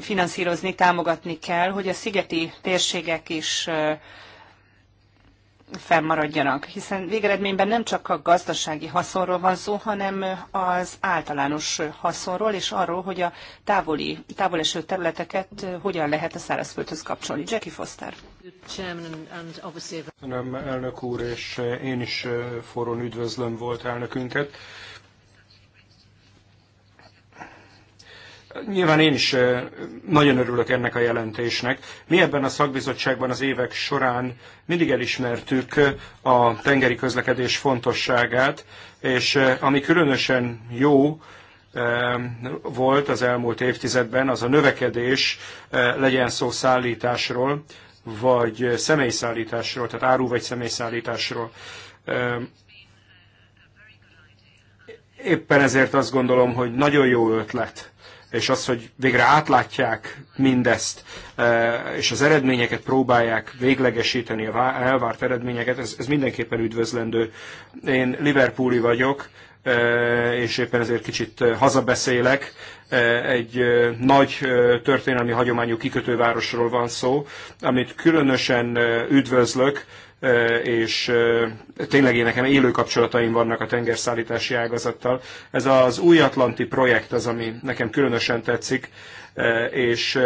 finanszírozni, támogatni kell, hogy a szigeti térségek is fennmaradjanak, hiszen végeredményben nem csak a gazdasági haszonról van szó, hanem az általános haszonról, és arról, hogy a távoli, távoleső területeket hogyan lehet a szárazföldhöz kapcsolni. Jackie Foster. Nem elnök úr, és eh, én is eh, forrón üdvözlöm volt elnökünket. Nyilván én is eh, nagyon örülök ennek a jelentésnek. Mi ebben a szakbizottságban az évek során mindig elismertük a tengeri közlekedés fontosságát, és ami különösen jó, volt az elmúlt évtizedben, az a növekedés, legyen szó szállításról, vagy személyszállításról, tehát áru vagy személyszállításról. Ehm, éppen ezért azt gondolom, hogy nagyon jó ötlet és az, hogy végre átlátják mindezt, e, és az eredményeket próbálják véglegesíteni, a elvárt eredményeket, ez, ez mindenképpen üdvözlendő. Én Liverpooli vagyok, e, és éppen ezért kicsit e, hazabeszélek. Egy nagy történelmi hagyományú kikötővárosról van szó, amit különösen üdvözlök, és tényleg én nekem élő kapcsolataim vannak a tengerszállítási ágazattal. Ez az új Atlanti projekt az, ami nekem különösen tetszik, és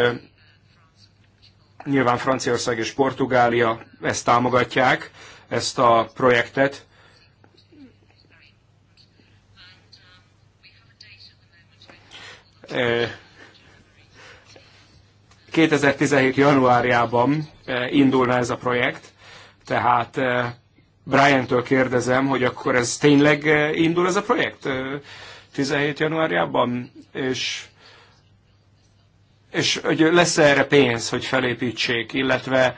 nyilván Franciaország és Portugália ezt támogatják, ezt a projektet. E 2017. januárjában indulna ez a projekt, tehát eh, Brian-től kérdezem, hogy akkor ez tényleg eh, indul ez a projekt 17 eh, januárjában, és és hogy lesz -e erre pénz, hogy felépítsék, illetve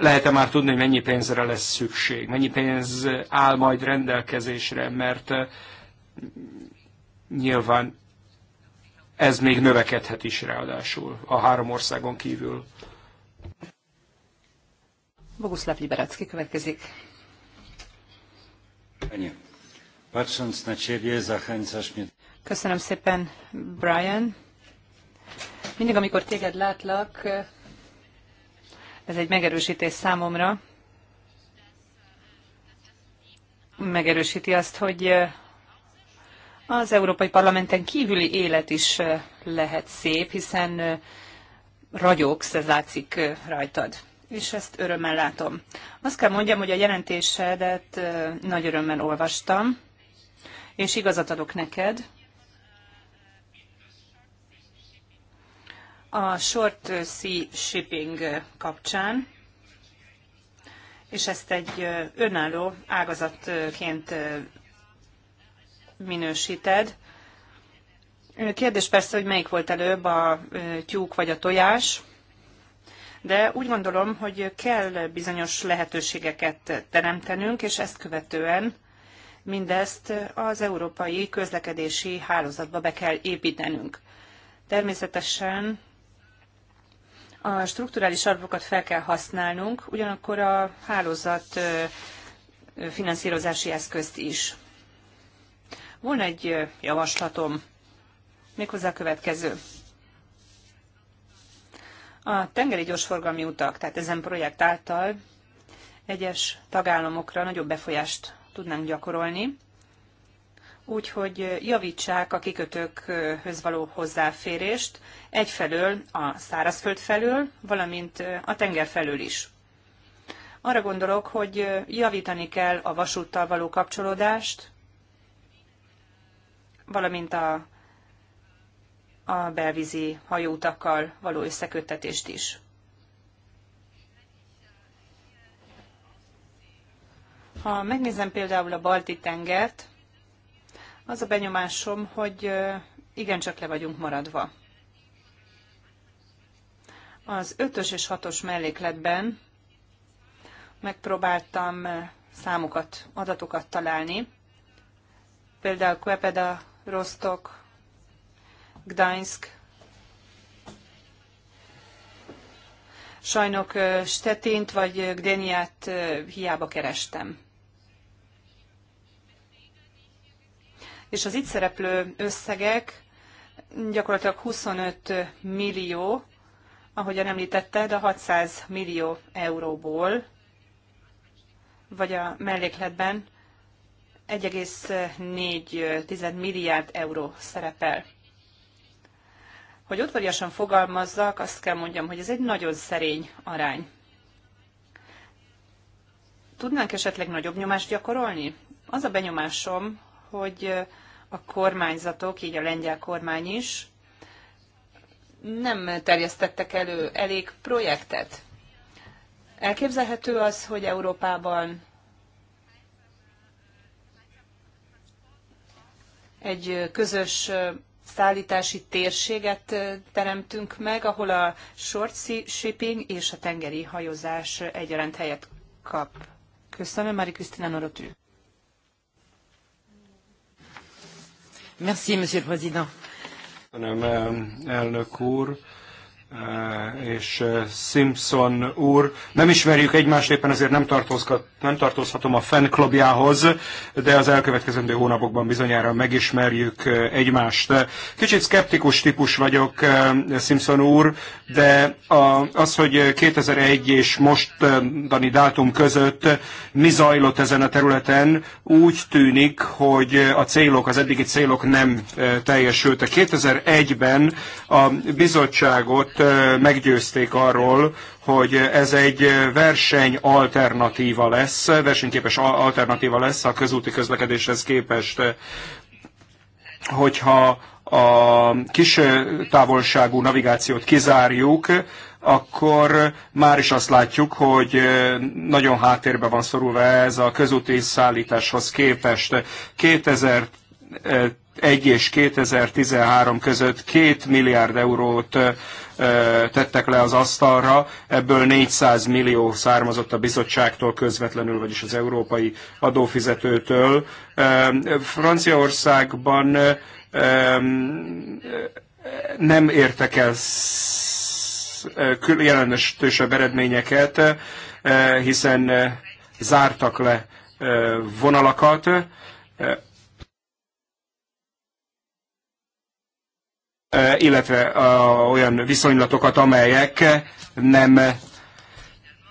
lehet-e már tudni, hogy mennyi pénzre lesz szükség, mennyi pénz áll majd rendelkezésre, mert nyilván ez még növekedhet is ráadásul a három országon kívül. Boguszláv Liberacki következik. Köszönöm szépen, Brian. Mindig, amikor téged látlak, ez egy megerősítés számomra. Megerősíti azt, hogy az Európai Parlamenten kívüli élet is lehet szép, hiszen ragyogsz, ez látszik rajtad és ezt örömmel látom. Azt kell mondjam, hogy a jelentésedet nagy örömmel olvastam, és igazat adok neked. A short sea shipping kapcsán, és ezt egy önálló ágazatként minősíted. Kérdés persze, hogy melyik volt előbb, a tyúk vagy a tojás de úgy gondolom, hogy kell bizonyos lehetőségeket teremtenünk, és ezt követően mindezt az európai közlekedési hálózatba be kell építenünk. Természetesen a strukturális alapokat fel kell használnunk, ugyanakkor a hálózat finanszírozási eszközt is. Volna egy javaslatom, méghozzá a következő. A tengeri gyorsforgalmi utak, tehát ezen projekt által egyes tagállamokra nagyobb befolyást tudnánk gyakorolni, úgyhogy javítsák a kikötőkhöz való hozzáférést egyfelől a szárazföld felől, valamint a tenger felől is. Arra gondolok, hogy javítani kell a vasúttal való kapcsolódást, valamint a a belvízi hajótakkal való összeköttetést is. Ha megnézem például a Balti-tengert, az a benyomásom, hogy igencsak le vagyunk maradva. Az ötös és hatos mellékletben megpróbáltam számokat, adatokat találni. Például Kvepeda, Rostok, Gdańsk, sajnok Stetint vagy Gdeniát hiába kerestem. És az itt szereplő összegek gyakorlatilag 25 millió, ahogyan említetted, a 600 millió euróból, vagy a mellékletben 1,4 milliárd euró szerepel. Hogy udvariasan fogalmazzak, azt kell mondjam, hogy ez egy nagyon szerény arány. Tudnánk esetleg nagyobb nyomást gyakorolni? Az a benyomásom, hogy a kormányzatok, így a lengyel kormány is, nem terjesztettek elő elég projektet. Elképzelhető az, hogy Európában egy közös szállítási térséget teremtünk meg, ahol a short sea shipping és a tengeri hajózás egyaránt helyet kap. Köszönöm, Mari Krisztina Norotű. Merci, Monsieur le Président. Köszönöm, elnök úr. Eh, és eh, Simpson úr. Nem ismerjük egymást, éppen ezért nem, nem tartozhatom a fanklubjához, de az elkövetkezendő hónapokban bizonyára megismerjük eh, egymást. Kicsit szkeptikus típus vagyok, Simpson úr, de az, hogy 2001 és mostani dátum között mi zajlott ezen a területen, úgy tűnik, hogy a célok, az eddigi célok nem teljesültek. 2001-ben a bizottságot meggyőzték arról, hogy ez egy verseny alternatíva lesz, versenyképes alternatíva lesz a közúti közlekedéshez képest. Hogyha a kis távolságú navigációt kizárjuk, akkor már is azt látjuk, hogy nagyon háttérbe van szorulva ez a közúti szállításhoz képest. 2000 2001 és 2013 között 2 milliárd eurót tettek le az asztalra, ebből 400 millió származott a bizottságtól közvetlenül, vagyis az európai adófizetőtől. Franciaországban nem értek el jelentősebb eredményeket, hiszen zártak le vonalakat, E, illetve a, olyan viszonylatokat, amelyek nem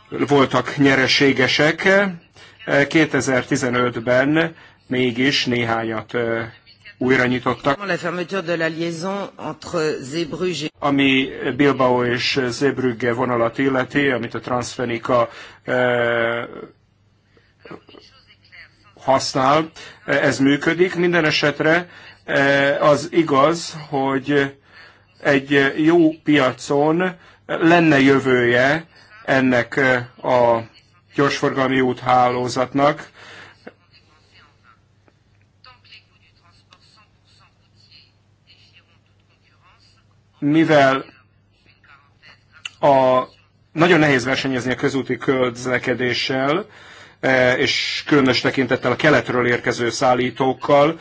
voltak nyereségesek. 2015-ben e, mégis néhányat e, újra nyitottak. Ami Bilbao és Zeebrugge vonalat illeti, amit a Transfenica használ, ez működik. Minden esetre Eh, az igaz, hogy egy jó piacon lenne jövője ennek eh, a gyorsforgalmi úthálózatnak. Mivel a, nagyon nehéz versenyezni a közúti közlekedéssel, eh, és különös tekintettel a keletről érkező szállítókkal,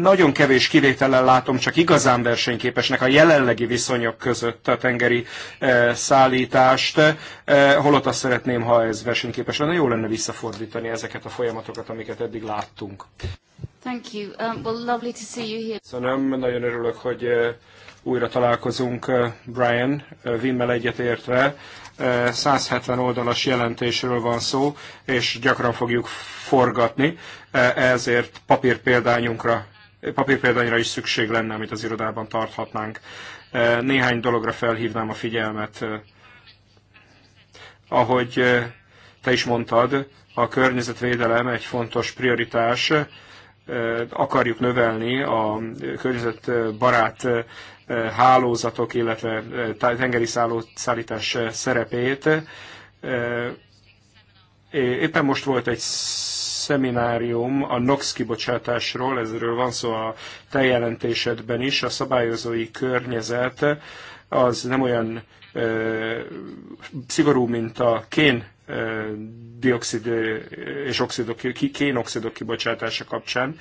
nagyon kevés kivétellel látom csak igazán versenyképesnek a jelenlegi viszonyok között a tengeri szállítást, holott azt szeretném, ha ez versenyképes lenne, jó lenne visszafordítani ezeket a folyamatokat, amiket eddig láttunk. Thank you. Um, well, lovely to see you here. Köszönöm, nagyon örülök, hogy újra találkozunk Brian, Vimmel egyetértve 170 oldalas jelentésről van szó, és gyakran fogjuk forgatni, e, ezért papírpéldányunkra, papírpéldányra is szükség lenne, amit az irodában tarthatnánk. E, néhány dologra felhívnám a figyelmet. E, ahogy te is mondtad, a környezetvédelem egy fontos prioritás, akarjuk növelni a környezetbarát hálózatok, illetve tengeri szállítás szerepét. Éppen most volt egy szeminárium a NOx kibocsátásról, ezről van szó a te jelentésedben is, a szabályozói környezet az nem olyan ö, szigorú, mint a kén dioxid és oxidok, kénoxidok kibocsátása kapcsán.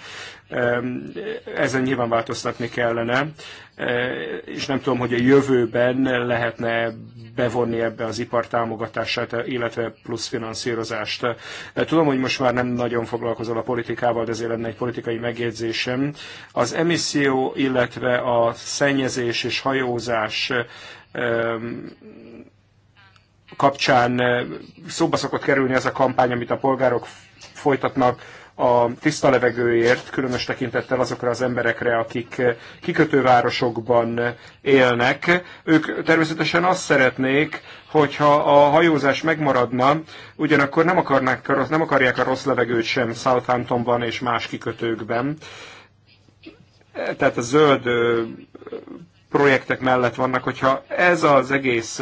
Ezen nyilván változtatni kellene, e, és nem tudom, hogy a jövőben lehetne bevonni ebbe az ipar támogatását, illetve plusz finanszírozást. E, tudom, hogy most már nem nagyon foglalkozol a politikával, de ezért lenne egy politikai megjegyzésem. Az emisszió, illetve a szennyezés és hajózás kapcsán eh, szóba szokott kerülni ez a kampány, amit a polgárok folytatnak a tiszta levegőért, különös tekintettel azokra az emberekre, akik eh, kikötővárosokban eh, élnek. Ők természetesen azt szeretnék, hogyha a hajózás megmaradna, ugyanakkor nem, akarnák, nem akarják a rossz levegőt sem Southamptonban és más kikötőkben. Tehát a zöld projektek mellett vannak, hogyha ez az egész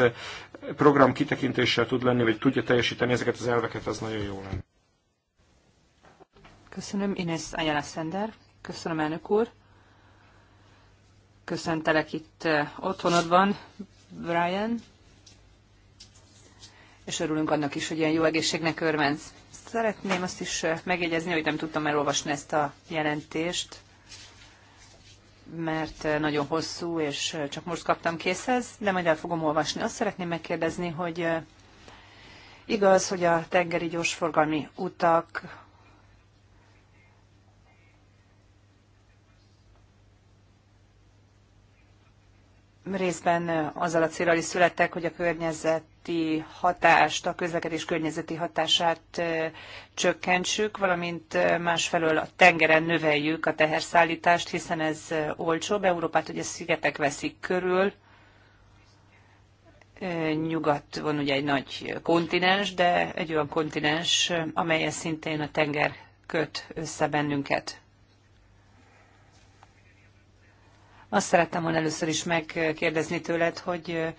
program kitekintéssel tud lenni, vagy tudja teljesíteni ezeket az elveket, az nagyon jó lenne. Köszönöm, Ines Ayala Szender. Köszönöm, elnök úr. Köszöntelek itt eh, otthonodban, Brian. És örülünk annak is, hogy ilyen jó egészségnek örvensz. Szeretném azt is eh, megjegyezni, hogy nem tudtam elolvasni ezt a jelentést mert nagyon hosszú, és csak most kaptam készhez, de majd el fogom olvasni. Azt szeretném megkérdezni, hogy eh, igaz, hogy a tengeri gyorsforgalmi utak részben eh, azzal a célral is születtek, hogy a környezet környezeti hatást, a közlekedés környezeti hatását csökkentsük, valamint másfelől a tengeren növeljük a teherszállítást, hiszen ez olcsóbb. Európát ugye szigetek veszik körül, nyugat van ugye egy nagy kontinens, de egy olyan kontinens, amelyen szintén a tenger köt össze bennünket. Azt szerettem volna először is megkérdezni tőled, hogy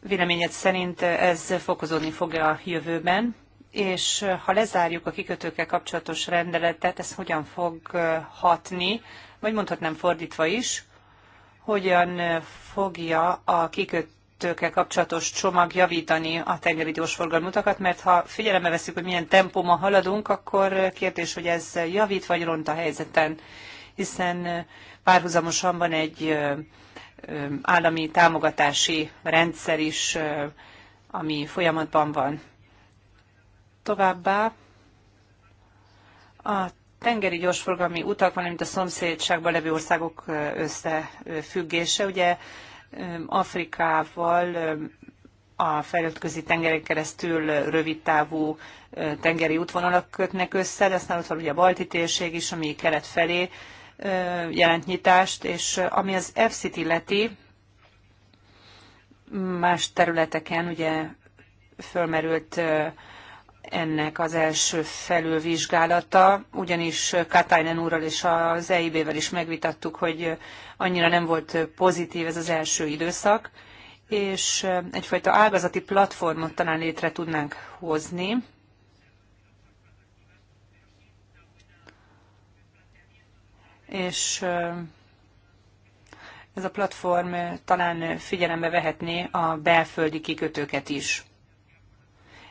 véleményed szerint ez fokozódni fog a jövőben, és eh, ha lezárjuk a kikötőkkel kapcsolatos rendeletet, ez hogyan fog eh, hatni, vagy mondhatnám fordítva is, hogyan eh, fogja a kikötőkkel kapcsolatos csomag javítani a tengeri gyorsforgalmutakat, mert ha figyelembe veszük, hogy milyen tempóban haladunk, akkor kérdés, hogy ez javít vagy ront a helyzeten, hiszen párhuzamosan van egy állami támogatási rendszer is, ami folyamatban van. Továbbá a tengeri gyorsforgalmi utak, valamint a szomszédságban levő országok összefüggése. Ugye Afrikával a közi tengeren keresztül rövidtávú tengeri útvonalak kötnek össze, de aztán ott van ugye a balti térség is, ami kelet felé jelentnyitást, és ami az EFSZ-t illeti, más területeken ugye fölmerült ennek az első felülvizsgálata, ugyanis Katainen úrral és az EIB-vel is megvitattuk, hogy annyira nem volt pozitív ez az első időszak, és egyfajta ágazati platformot talán létre tudnánk hozni, és ez a platform talán figyelembe vehetné a belföldi kikötőket is.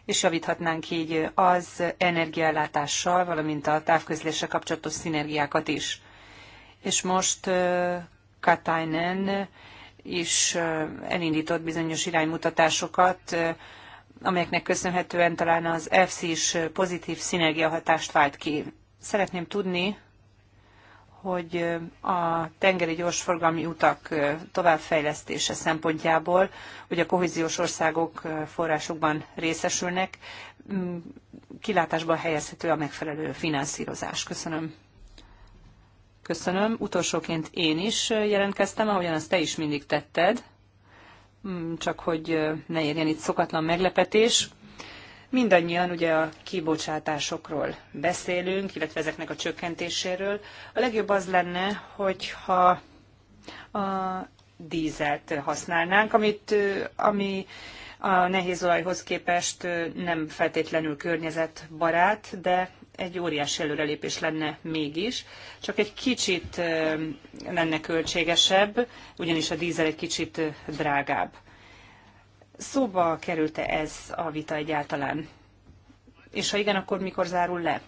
És javíthatnánk így az energiállátással, valamint a távközléssel kapcsolatos szinergiákat is. És most Katainen is elindított bizonyos iránymutatásokat, amelyeknek köszönhetően talán az EFSZ is pozitív szinergiahatást vált ki. Szeretném tudni, hogy a tengeri gyorsforgalmi utak továbbfejlesztése szempontjából, hogy a kohéziós országok forrásokban részesülnek, kilátásba helyezhető a megfelelő finanszírozás. Köszönöm. Köszönöm. Utolsóként én is jelentkeztem, ahogyan azt te is mindig tetted, csak hogy ne érjen itt szokatlan meglepetés. Mindannyian ugye a kibocsátásokról beszélünk, illetve ezeknek a csökkentéséről. A legjobb az lenne, hogyha a dízelt használnánk, amit, ami a nehézolajhoz képest nem feltétlenül környezetbarát, de egy óriási előrelépés lenne mégis, csak egy kicsit lenne költségesebb, ugyanis a dízel egy kicsit drágább. Szóba került-e ez a vita egyáltalán? És ha igen, akkor mikor zárul le?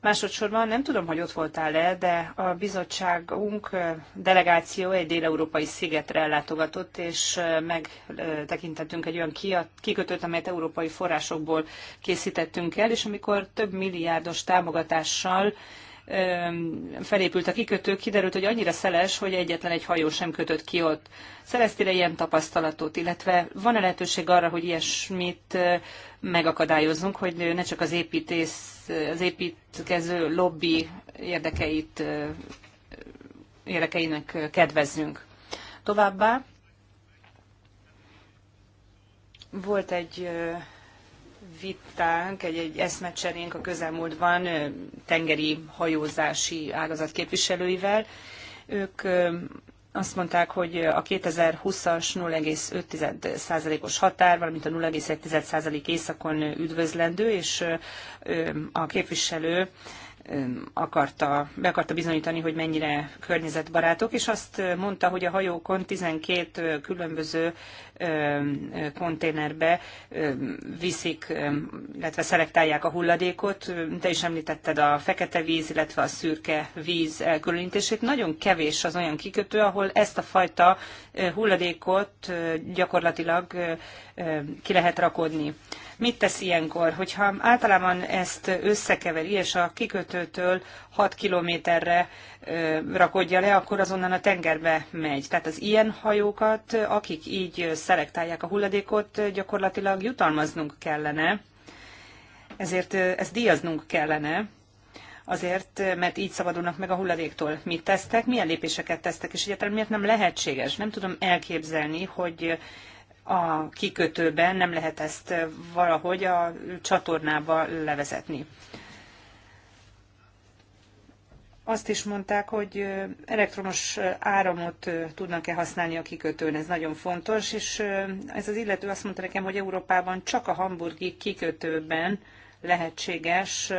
Másodszorban nem tudom, hogy ott voltál-e, de a bizottságunk delegáció egy dél-európai szigetre ellátogatott, és megtekintettünk egy olyan kikötőt, amelyet európai forrásokból készítettünk el, és amikor több milliárdos támogatással felépült a kikötő, kiderült, hogy annyira szeles, hogy egyetlen egy hajó sem kötött ki ott. Szereztél ilyen tapasztalatot, illetve van-e lehetőség arra, hogy ilyesmit megakadályozzunk, hogy ne csak az építész, az építkező lobby érdekeit, érdekeinek kedvezzünk. Továbbá volt egy vitánk, egy, egy eszmecserénk a közelmúltban tengeri hajózási ágazat képviselőivel. Ők azt mondták, hogy a 2020-as 0,5%-os határ, valamint a 0,1% északon üdvözlendő, és a képviselő akarta, be akarta bizonyítani, hogy mennyire környezetbarátok, és azt mondta, hogy a hajókon 12 különböző konténerbe viszik, illetve szelektálják a hulladékot. Te is említetted a fekete víz, illetve a szürke víz elkülönítését. Nagyon kevés az olyan kikötő, ahol ezt a fajta hulladékot gyakorlatilag ki lehet rakodni. Mit tesz ilyenkor? Hogyha általában ezt összekeveri, és a kikötőtől 6 kilométerre rakodja le, akkor azonnal a tengerbe megy. Tehát az ilyen hajókat, akik így szelektálják a hulladékot, gyakorlatilag jutalmaznunk kellene, ezért ezt díjaznunk kellene, azért, mert így szabadulnak meg a hulladéktól. Mit tesztek, milyen lépéseket tesztek, és egyáltalán miért nem lehetséges? Nem tudom elképzelni, hogy a kikötőben, nem lehet ezt valahogy a csatornába levezetni. Azt is mondták, hogy elektromos áramot tudnak-e használni a kikötőn, ez nagyon fontos, és ez az illető azt mondta nekem, hogy Európában csak a hamburgi kikötőben lehetséges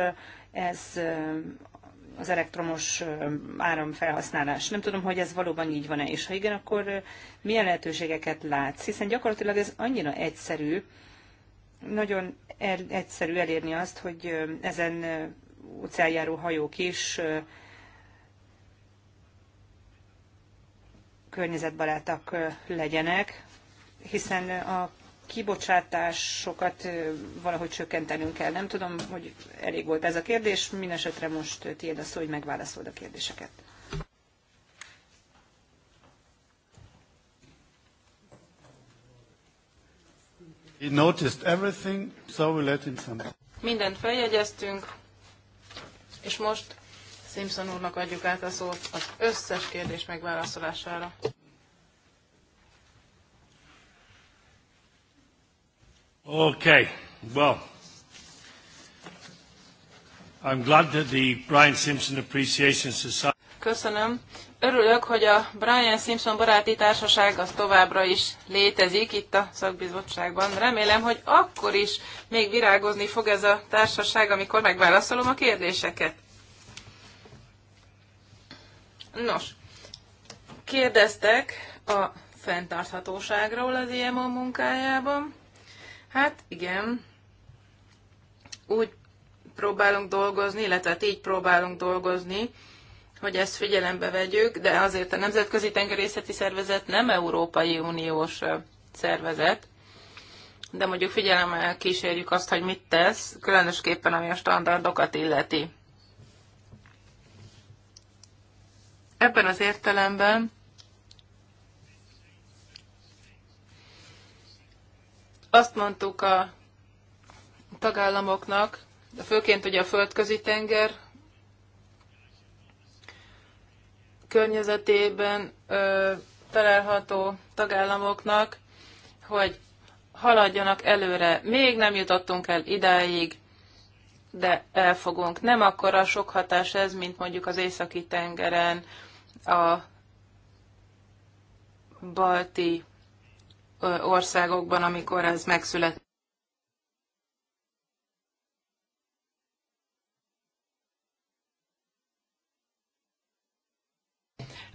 ez az elektromos áramfelhasználás. Nem tudom, hogy ez valóban így van-e, és ha igen, akkor milyen lehetőségeket látsz? Hiszen gyakorlatilag ez annyira egyszerű, nagyon el, egyszerű elérni azt, hogy ezen óceánjáró hajók is környezetbarátak legyenek, hiszen a kibocsátásokat valahogy csökkentenünk kell. Nem tudom, hogy elég volt ez a kérdés, mindesetre most tiéd a szó, hogy megválaszold a kérdéseket. He noticed everything, so we let him some. Mindent feljegyeztünk, és most Simpson úrnak adjuk át a szót az összes kérdés megválaszolására. Okay, well, I'm glad that the Brian Simpson Appreciation Society... Köszönöm. Örülök, hogy a Brian Simpson baráti társaság az továbbra is létezik itt a szakbizottságban. Remélem, hogy akkor is még virágozni fog ez a társaság, amikor megválaszolom a kérdéseket. Nos, kérdeztek a fenntarthatóságról az IMO munkájában. Hát igen, úgy próbálunk dolgozni, illetve hát így próbálunk dolgozni, hogy ezt figyelembe vegyük, de azért a Nemzetközi Tengerészeti Szervezet nem Európai Uniós szervezet, de mondjuk figyelemmel kísérjük azt, hogy mit tesz, különösképpen ami a standardokat illeti. Ebben az értelemben Azt mondtuk a tagállamoknak, de főként ugye a földközi tenger környezetében ö, található tagállamoknak, hogy haladjanak előre. Még nem jutottunk el idáig, de elfogunk. Nem akkora sok hatás ez, mint mondjuk az északi tengeren, a balti országokban, amikor ez megszület.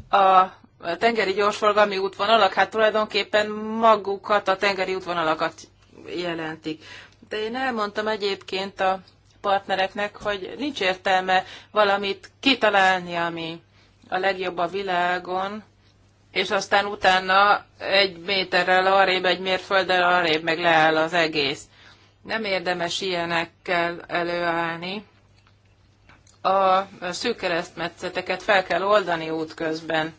a tengeri gyorsforgalmi útvonalak, hát tulajdonképpen magukat, a tengeri útvonalakat jelentik. De én elmondtam egyébként a partnereknek, hogy nincs értelme valamit kitalálni, ami a legjobb a világon, és aztán utána egy méterrel arrébb, egy mérfölddel arrébb meg leáll az egész. Nem érdemes ilyenekkel előállni. A szűk keresztmetszeteket fel kell oldani útközben.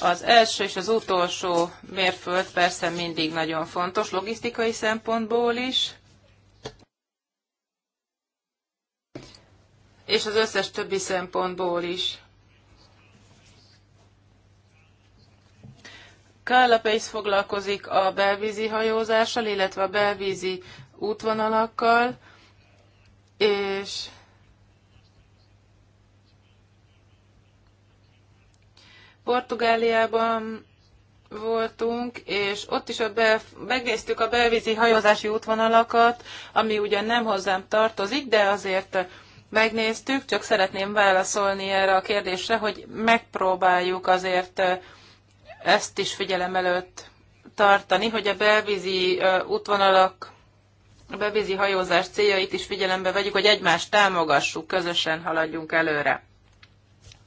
Az első és az utolsó mérföld persze mindig nagyon fontos, logisztikai szempontból is, és az összes többi szempontból is. Carla foglalkozik a belvízi hajózással, illetve a belvízi útvonalakkal, és Portugáliában voltunk, és ott is a megnéztük a belvízi hajózási útvonalakat, ami ugyan nem hozzám tartozik, de azért megnéztük, csak szeretném válaszolni erre a kérdésre, hogy megpróbáljuk azért ezt is figyelem előtt tartani, hogy a belvízi útvonalak, a belvízi hajózás céljait is figyelembe vegyük, hogy egymást támogassuk, közösen haladjunk előre.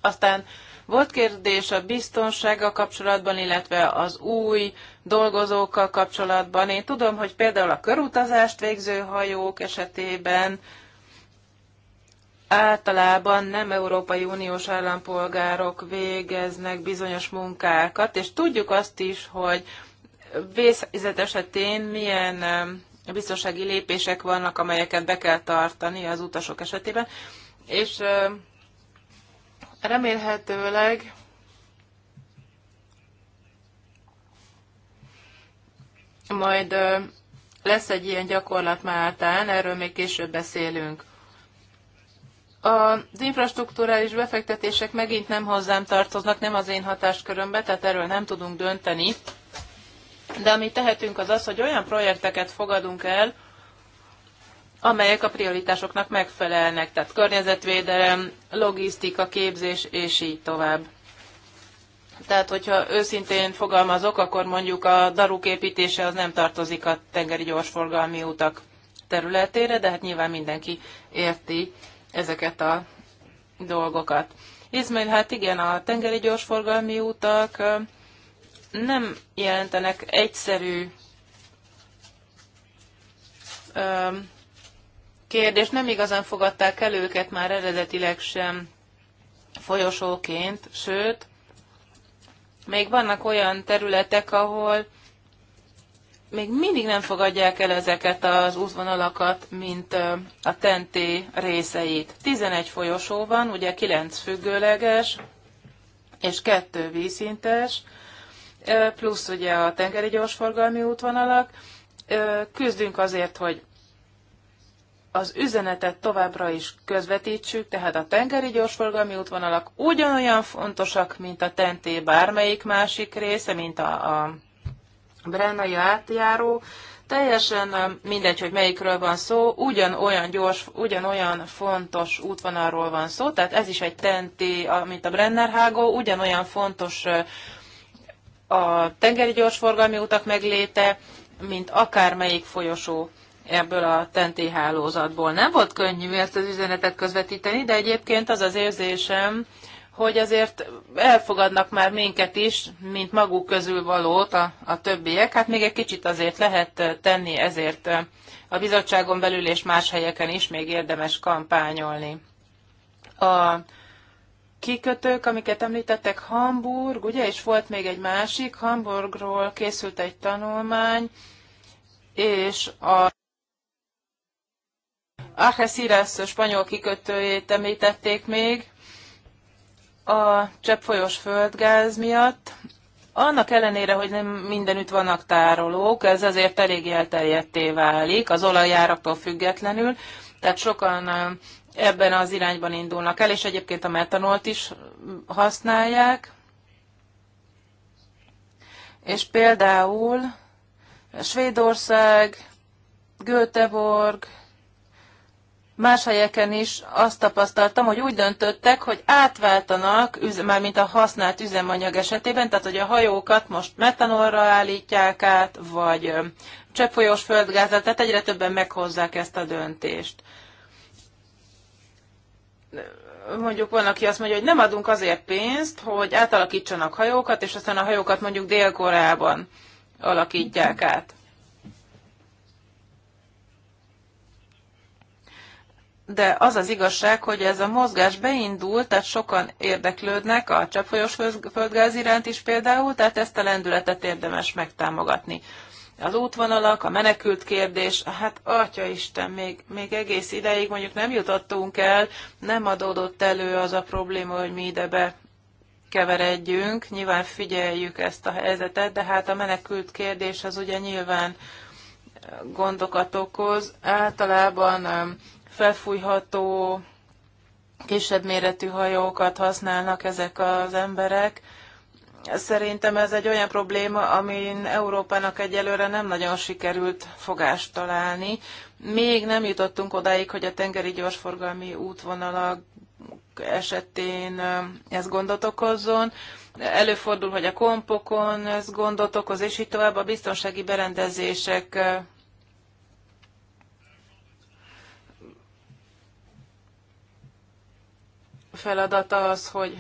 Aztán volt kérdés a biztonsággal kapcsolatban, illetve az új dolgozókkal kapcsolatban. Én tudom, hogy például a körutazást végző hajók esetében általában nem Európai Uniós állampolgárok végeznek bizonyos munkákat, és tudjuk azt is, hogy vészhelyzet esetén milyen biztonsági lépések vannak, amelyeket be kell tartani az utasok esetében, és remélhetőleg majd lesz egy ilyen gyakorlat Máltán, erről még később beszélünk. Az infrastruktúrális befektetések megint nem hozzám tartoznak, nem az én hatáskörömbe, tehát erről nem tudunk dönteni. De amit tehetünk az az, hogy olyan projekteket fogadunk el, amelyek a prioritásoknak megfelelnek, tehát környezetvédelem, logisztika, képzés, és így tovább. Tehát, hogyha őszintén fogalmazok, akkor mondjuk a daruk építése az nem tartozik a tengeri gyorsforgalmi utak területére, de hát nyilván mindenki érti, ezeket a dolgokat. Izmail, hát igen, a tengeri gyorsforgalmi utak nem jelentenek egyszerű kérdést, nem igazán fogadták el őket már eredetileg sem folyosóként, sőt, még vannak olyan területek, ahol még mindig nem fogadják el ezeket az útvonalakat, mint a tenté részeit. 11 folyosó van, ugye 9 függőleges, és 2 vízszintes, plusz ugye a tengeri gyorsforgalmi útvonalak. Küzdünk azért, hogy az üzenetet továbbra is közvetítsük, tehát a tengeri gyorsforgalmi útvonalak ugyanolyan fontosak, mint a tenté bármelyik másik része, mint a, a brennai átjáró, teljesen mindegy, hogy melyikről van szó, ugyanolyan gyors, ugyanolyan fontos útvonalról van szó, tehát ez is egy tenti, mint a Brennerhágó, ugyanolyan fontos a tengeri gyorsforgalmi utak megléte, mint akármelyik folyosó ebből a tenti hálózatból. Nem volt könnyű ezt az üzenetet közvetíteni, de egyébként az az érzésem, hogy azért elfogadnak már minket is, mint maguk közül valót a, a többiek. Hát még egy kicsit azért lehet tenni, ezért a bizottságon belül és más helyeken is még érdemes kampányolni. A kikötők, amiket említettek, Hamburg, ugye, és volt még egy másik, Hamburgról készült egy tanulmány, és a Ahesiras spanyol kikötőjét említették még, a cseppfolyós földgáz miatt, annak ellenére, hogy nem mindenütt vannak tárolók, ez azért elég elterjedté válik, az olajáraktól függetlenül, tehát sokan ebben az irányban indulnak el, és egyébként a metanolt is használják. És például Svédország, Göteborg, más helyeken is azt tapasztaltam, hogy úgy döntöttek, hogy átváltanak, már mint a használt üzemanyag esetében, tehát hogy a hajókat most metanolra állítják át, vagy cseppfolyós földgázra, tehát egyre többen meghozzák ezt a döntést. Mondjuk van, aki azt mondja, hogy nem adunk azért pénzt, hogy átalakítsanak hajókat, és aztán a hajókat mondjuk dél alakítják át. de az az igazság, hogy ez a mozgás beindult, tehát sokan érdeklődnek a cseppfolyós földgáz iránt is például, tehát ezt a lendületet érdemes megtámogatni. Az útvonalak, a menekült kérdés, hát atya Isten, még, még egész ideig mondjuk nem jutottunk el, nem adódott elő az a probléma, hogy mi ide be keveredjünk, nyilván figyeljük ezt a helyzetet, de hát a menekült kérdés az ugye nyilván gondokat okoz. Általában felfújható, kisebb méretű hajókat használnak ezek az emberek. Szerintem ez egy olyan probléma, amin Európának egyelőre nem nagyon sikerült fogást találni. Még nem jutottunk odáig, hogy a tengeri gyorsforgalmi útvonalak esetén ez gondot okozzon. Előfordul, hogy a kompokon ez gondot okoz, és így tovább a biztonsági berendezések feladata az, hogy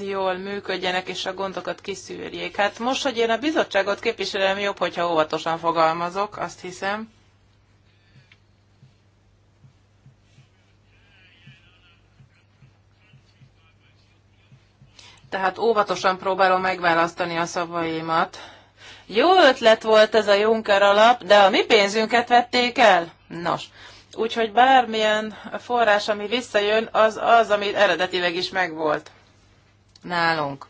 jól működjenek és a gondokat kiszűrjék. Hát most, hogy én a bizottságot képviselem, jobb, hogyha óvatosan fogalmazok, azt hiszem. Tehát óvatosan próbálom megválasztani a szavaimat. Jó ötlet volt ez a Juncker alap, de a mi pénzünket vették el. Nos, Úgyhogy bármilyen forrás, ami visszajön, az az, ami eredetileg is megvolt nálunk.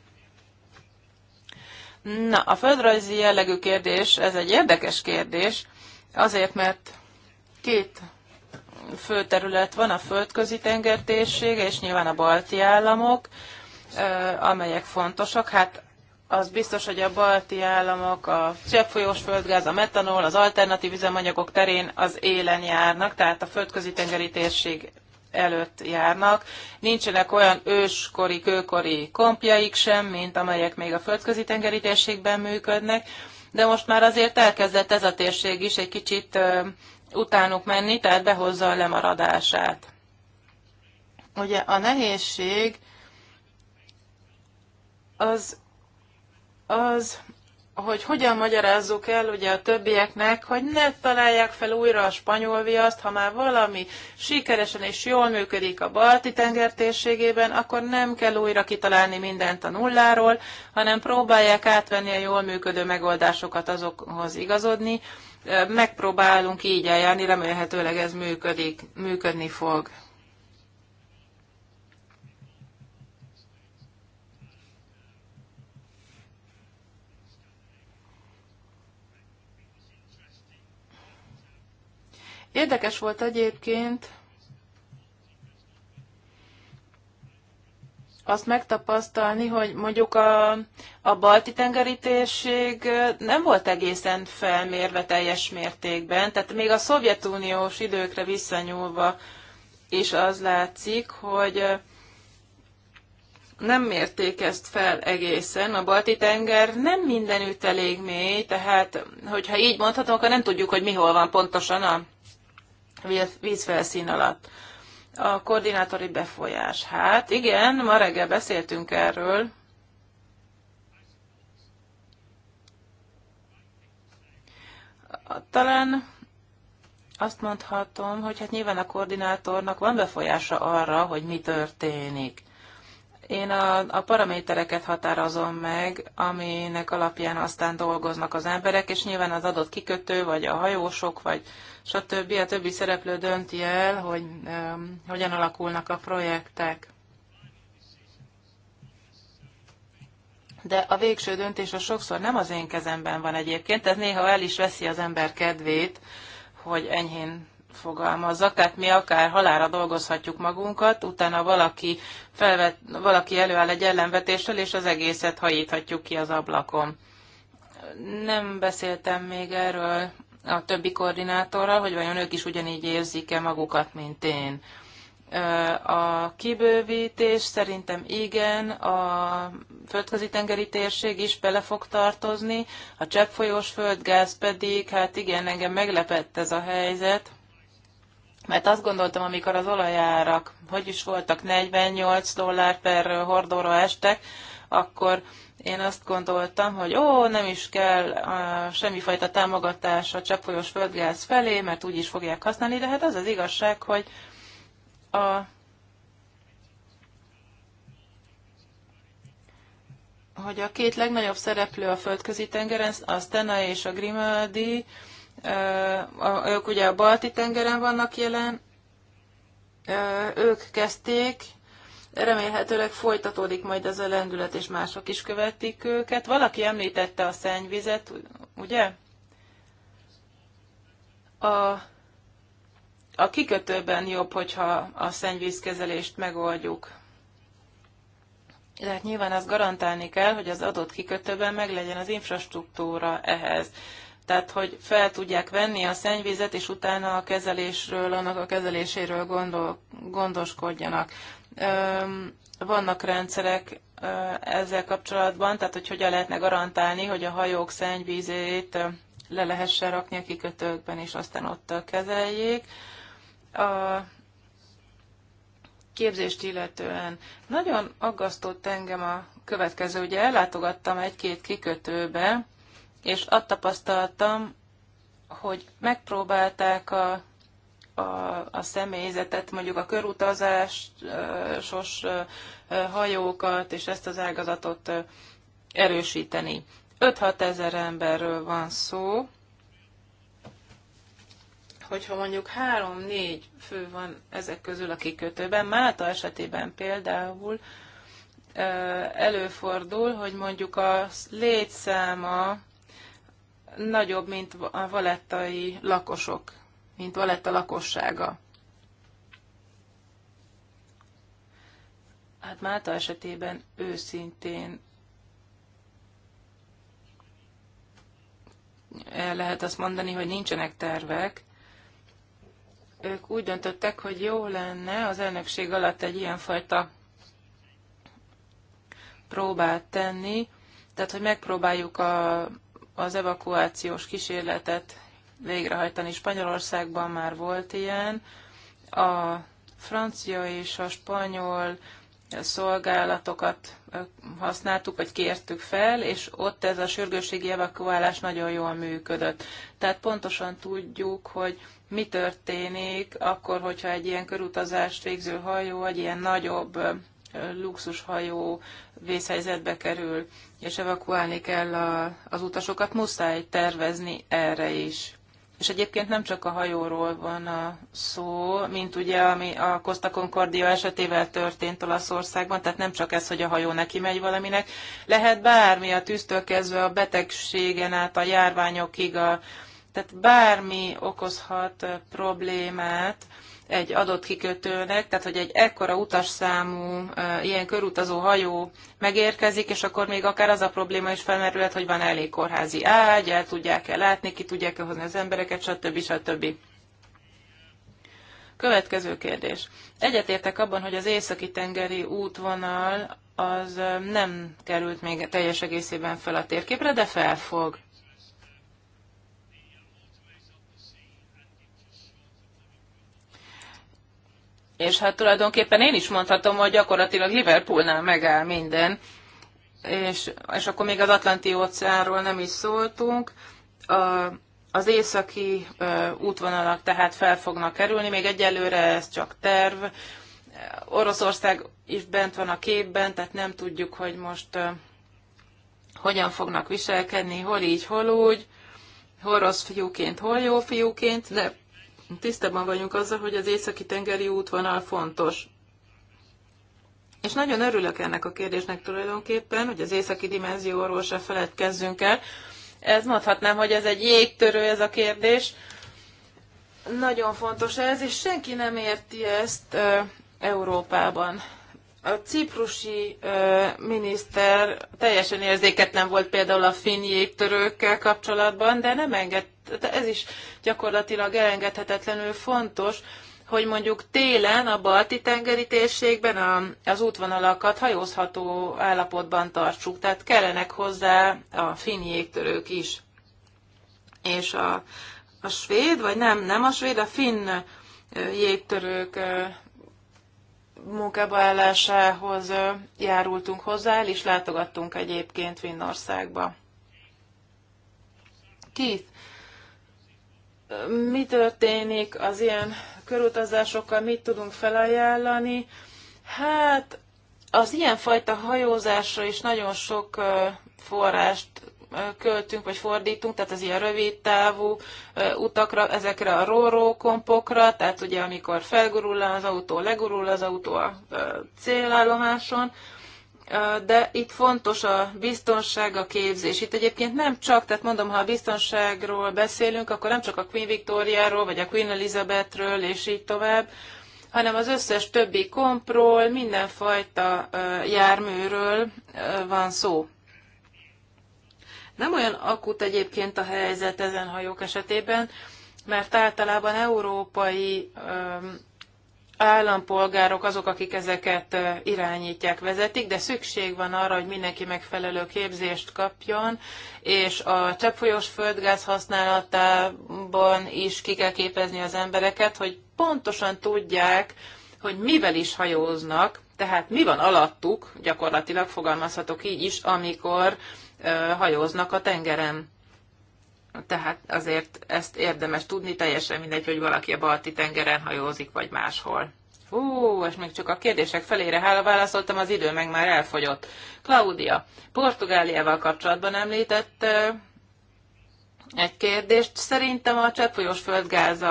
Na, a földrajzi jellegű kérdés, ez egy érdekes kérdés, azért, mert két fő terület van, a földközi tengertérség, és nyilván a balti államok, amelyek fontosak. Hát az biztos, hogy a balti államok a cseppfolyós földgáz, a metanol, az alternatív üzemanyagok terén az élen járnak, tehát a földközi tengeri térség előtt járnak. Nincsenek olyan őskori, kőkori kompjaik sem, mint amelyek még a földközi tengeri térségben működnek, de most már azért elkezdett ez a térség is egy kicsit utánuk menni, tehát behozza a lemaradását. Ugye a nehézség az az, hogy hogyan magyarázzuk el ugye a többieknek, hogy ne találják fel újra a spanyol viaszt, ha már valami sikeresen és jól működik a balti tenger térségében, akkor nem kell újra kitalálni mindent a nulláról, hanem próbálják átvenni a jól működő megoldásokat azokhoz igazodni. Megpróbálunk így eljárni, remélhetőleg ez működik, működni fog. Érdekes volt egyébként azt megtapasztalni, hogy mondjuk a, a balti tengeri térség nem volt egészen felmérve teljes mértékben, tehát még a szovjetuniós időkre visszanyúlva is az látszik, hogy nem mérték ezt fel egészen. A balti tenger nem mindenütt elég mély, tehát hogyha így mondhatom, akkor nem tudjuk, hogy mihol van pontosan a vízfelszín alatt. A koordinátori befolyás. Hát igen, ma reggel beszéltünk erről. Talán azt mondhatom, hogy hát nyilván a koordinátornak van befolyása arra, hogy mi történik. Én a, a paramétereket határozom meg, aminek alapján aztán dolgoznak az emberek, és nyilván az adott kikötő, vagy a hajósok, vagy stb. A többi szereplő dönti el, hogy um, hogyan alakulnak a projektek. De a végső döntés a sokszor nem az én kezemben van egyébként, ez néha el is veszi az ember kedvét, hogy enyhén fogalmazzak, tehát mi akár halára dolgozhatjuk magunkat, utána valaki, felvet, valaki előáll egy ellenvetéssel, és az egészet hajíthatjuk ki az ablakon. Nem beszéltem még erről a többi koordinátorral, hogy vajon ők is ugyanígy érzik-e magukat, mint én. A kibővítés szerintem igen, a földközi tengeri térség is bele fog tartozni, a cseppfolyós földgáz pedig, hát igen, engem meglepett ez a helyzet, mert azt gondoltam, amikor az olajárak, hogy is voltak, 48 dollár per hordóra estek, akkor én azt gondoltam, hogy ó, nem is kell a, semmifajta támogatás a cseppfolyós földgáz felé, mert úgy is fogják használni, de hát az az igazság, hogy a hogy a két legnagyobb szereplő a földközi tengeren, a Stena és a Grimaldi, ők ugye a Balti tengeren vannak jelen, ők kezdték Remélhetőleg folytatódik majd ez a lendület, és mások is követik őket. Valaki említette a szennyvizet, ugye? A, a kikötőben jobb, hogyha a szennyvízkezelést megoldjuk. Tehát nyilván azt garantálni kell, hogy az adott kikötőben meglegyen az infrastruktúra ehhez. Tehát, hogy fel tudják venni a szennyvizet, és utána a kezelésről, annak a kezeléséről gondol, gondoskodjanak vannak rendszerek ezzel kapcsolatban, tehát hogy hogyan lehetne garantálni, hogy a hajók szennyvízét le lehessen rakni a kikötőkben, és aztán ott kezeljék. A képzést illetően nagyon aggasztott engem a következő, ugye ellátogattam egy-két kikötőbe, és azt tapasztaltam, hogy megpróbálták a a, a személyzetet, mondjuk a körutazásos hajókat és ezt az ágazatot erősíteni. 5-6 ezer emberről van szó, hogyha mondjuk három-négy fő van ezek közül a kikötőben, Málta esetében például előfordul, hogy mondjuk a létszáma nagyobb, mint a valettai lakosok mint Valetta lakossága. Hát Málta esetében őszintén lehet azt mondani, hogy nincsenek tervek. Ők úgy döntöttek, hogy jó lenne az elnökség alatt egy ilyenfajta próbát tenni, tehát hogy megpróbáljuk a, az evakuációs kísérletet végrehajtani. Spanyolországban már volt ilyen. A francia és a spanyol szolgálatokat használtuk, vagy kértük fel, és ott ez a sürgősségi evakuálás nagyon jól működött. Tehát pontosan tudjuk, hogy mi történik akkor, hogyha egy ilyen körutazást végző hajó, vagy ilyen nagyobb luxushajó vészhelyzetbe kerül, és evakuálni kell a, az utasokat, muszáj tervezni erre is. És egyébként nem csak a hajóról van a szó, mint ugye ami a Costa Concordia esetével történt Olaszországban, tehát nem csak ez, hogy a hajó neki megy valaminek. Lehet bármi a tűztől kezdve a betegségen át a járványokig, a, tehát bármi okozhat problémát, egy adott kikötőnek, tehát hogy egy ekkora utasszámú ilyen körutazó hajó megérkezik, és akkor még akár az a probléma is felmerülhet, hogy van elég kórházi ágy, el tudják-e látni, ki tudják-e hozni az embereket, stb. stb. Következő kérdés. Egyetértek abban, hogy az északi tengeri útvonal az nem került még teljes egészében fel a térképre, de fel fog. és hát tulajdonképpen én is mondhatom, hogy gyakorlatilag Liverpoolnál megáll minden, és, és akkor még az Atlanti óceánról nem is szóltunk. A, az északi ö, útvonalak tehát fel fognak kerülni, még egyelőre ez csak terv. Oroszország is bent van a képben, tehát nem tudjuk, hogy most ö, hogyan fognak viselkedni, hol így, hol úgy, hol rossz fiúként, hol jó fiúként, de tisztában vagyunk azzal, hogy az északi tengeri útvonal fontos. És nagyon örülök ennek a kérdésnek tulajdonképpen, hogy az északi dimenzióról se feledkezzünk el. Ez mondhatnám, hogy ez egy jégtörő ez a kérdés. Nagyon fontos ez, és senki nem érti ezt e, Európában. A ciprusi e, miniszter teljesen érzéketlen volt például a finn jégtörőkkel kapcsolatban, de nem enged ez is gyakorlatilag elengedhetetlenül fontos, hogy mondjuk télen a balti tengeri térségben a, az útvonalakat hajózható állapotban tartsuk, tehát kellenek hozzá a finn jégtörők is. És a, a svéd, vagy nem, nem a svéd, a finn jégtörők munkába állásához járultunk hozzá, el is látogattunk egyébként Finnországba. Keith, mi történik az ilyen körutazásokkal, mit tudunk felajánlani. Hát az ilyenfajta hajózásra is nagyon sok forrást költünk, vagy fordítunk, tehát az ilyen rövid távú utakra, ezekre a róró kompokra, tehát ugye amikor felgurul az autó, legurul az autó a célállomáson, de itt fontos a biztonság, a képzés. Itt egyébként nem csak, tehát mondom, ha a biztonságról beszélünk, akkor nem csak a Queen Victoriáról, vagy a Queen Elizabeth-ről és így tovább, hanem az összes többi kompról, mindenfajta járműről van szó. Nem olyan akut egyébként a helyzet ezen hajók esetében, mert általában európai állampolgárok azok, akik ezeket irányítják, vezetik, de szükség van arra, hogy mindenki megfelelő képzést kapjon, és a cseppfolyós földgáz használatában is ki kell képezni az embereket, hogy pontosan tudják, hogy mivel is hajóznak, tehát mi van alattuk, gyakorlatilag fogalmazhatok így is, amikor hajóznak a tengeren. Tehát azért ezt érdemes tudni, teljesen mindegy, hogy valaki a balti tengeren hajózik, vagy máshol. Hú, és még csak a kérdések felére hála válaszoltam, az idő meg már elfogyott. Claudia, Portugáliával kapcsolatban említett egy kérdést. Szerintem a cseppfolyós földgáz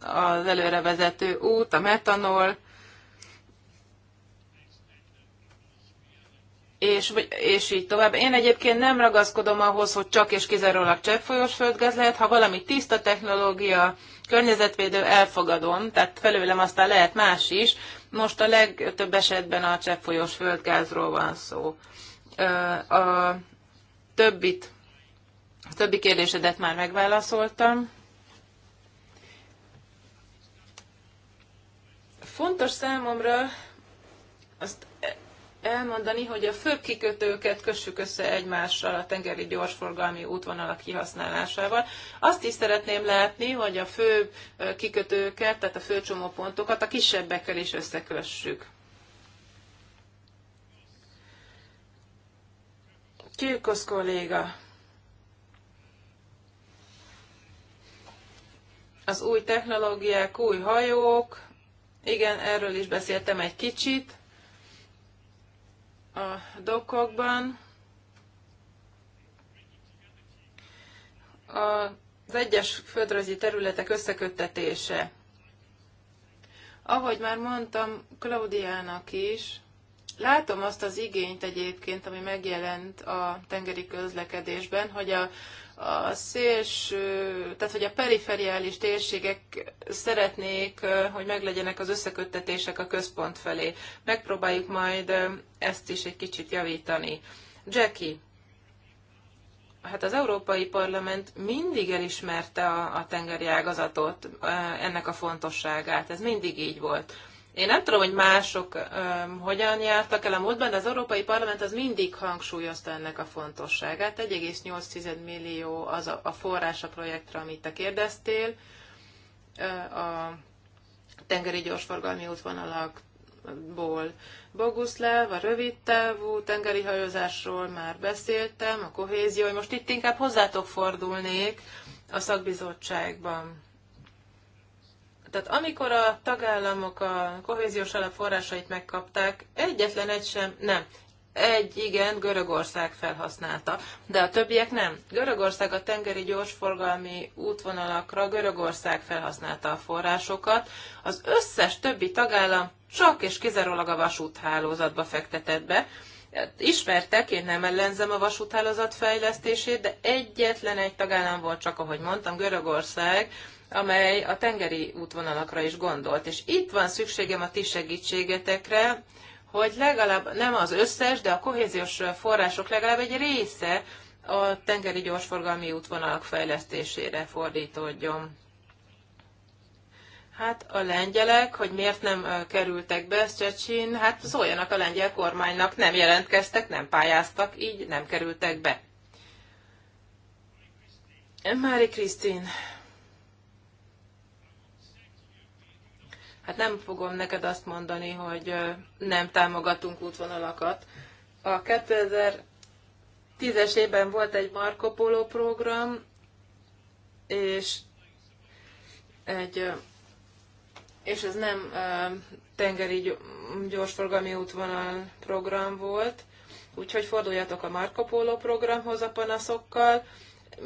az előrevezető út, a metanol, és, és így tovább. Én egyébként nem ragaszkodom ahhoz, hogy csak és kizárólag cseppfolyós földgáz lehet, ha valami tiszta technológia, környezetvédő, elfogadom, tehát felőlem aztán lehet más is. Most a legtöbb esetben a cseppfolyós földgázról van szó. A többit, a többi kérdésedet már megválaszoltam. Fontos számomra azt elmondani, hogy a fő kikötőket kössük össze egymással a tengeri gyorsforgalmi útvonalak kihasználásával. Azt is szeretném látni, hogy a fő kikötőket, tehát a fő csomópontokat a kisebbekkel is összekössük. Kirkosz kolléga, az új technológiák, új hajók, igen, erről is beszéltem egy kicsit a dokokban. Az egyes földrajzi területek összeköttetése. Ahogy már mondtam Klaudiának is, látom azt az igényt egyébként, ami megjelent a tengeri közlekedésben, hogy a, a szélső, tehát hogy a periferiális térségek szeretnék, hogy meglegyenek az összeköttetések a központ felé. Megpróbáljuk majd ezt is egy kicsit javítani. Jackie, hát az Európai Parlament mindig elismerte a, a tengeri ágazatot, ennek a fontosságát. Ez mindig így volt. Én nem tudom, hogy mások öm, hogyan jártak el a múltban, de az Európai Parlament az mindig hangsúlyozta ennek a fontosságát. 1,8 millió az a, a forrás a projektre, amit te kérdeztél. A tengeri gyorsforgalmi útvonalak ból. Boguszláv, a rövid távú tengeri hajózásról már beszéltem, a kohézió, most itt inkább hozzátok fordulnék a szakbizottságban. Tehát amikor a tagállamok a kohéziós alap forrásait megkapták, egyetlen egy sem, nem. Egy igen, Görögország felhasználta, de a többiek nem. Görögország a tengeri gyorsforgalmi útvonalakra Görögország felhasználta a forrásokat, az összes többi tagállam csak és kizárólag a vasúthálózatba fektetett be. Ismertek, én nem ellenzem a vasúthálózat fejlesztését, de egyetlen egy tagállam volt csak, ahogy mondtam, Görögország, amely a tengeri útvonalakra is gondolt. És itt van szükségem a ti segítségetekre, hogy legalább nem az összes, de a kohéziós források legalább egy része a tengeri gyorsforgalmi útvonalak fejlesztésére fordítódjon. Hát a lengyelek, hogy miért nem kerültek be Szecsin, hát szóljanak a lengyel kormánynak, nem jelentkeztek, nem pályáztak, így nem kerültek be. Mári Krisztin, hát nem fogom neked azt mondani, hogy nem támogatunk útvonalakat. A 2010-es évben volt egy Marco Polo program, és egy és ez nem tengeri gyorsforgalmi útvonal program volt, úgyhogy forduljatok a Marco Polo programhoz a panaszokkal,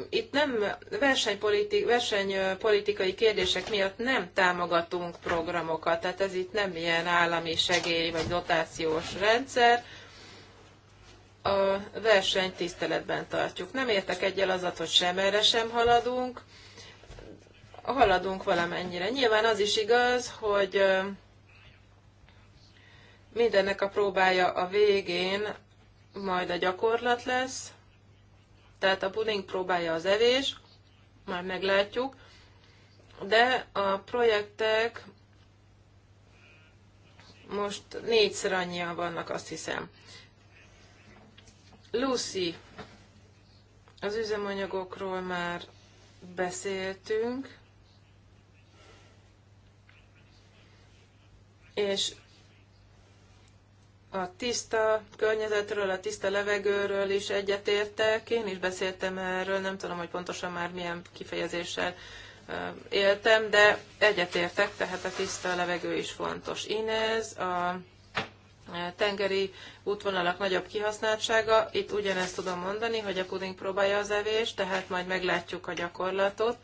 itt nem versenypolitik, versenypolitikai kérdések miatt nem támogatunk programokat, tehát ez itt nem ilyen állami segély vagy dotációs rendszer, a versenyt tiszteletben tartjuk. Nem értek egyel az, hogy sem erre sem haladunk, haladunk valamennyire. Nyilván az is igaz, hogy mindennek a próbája a végén majd a gyakorlat lesz, tehát a puding próbálja az evés, már meglátjuk, de a projektek most négyszer annyian vannak, azt hiszem. Lucy, az üzemanyagokról már beszéltünk, és a tiszta környezetről, a tiszta levegőről is egyetértek. Én is beszéltem erről, nem tudom, hogy pontosan már milyen kifejezéssel éltem, de egyetértek, tehát a tiszta levegő is fontos. Inez, a tengeri útvonalak nagyobb kihasználtsága, itt ugyanezt tudom mondani, hogy a puding próbálja az evés, tehát majd meglátjuk a gyakorlatot.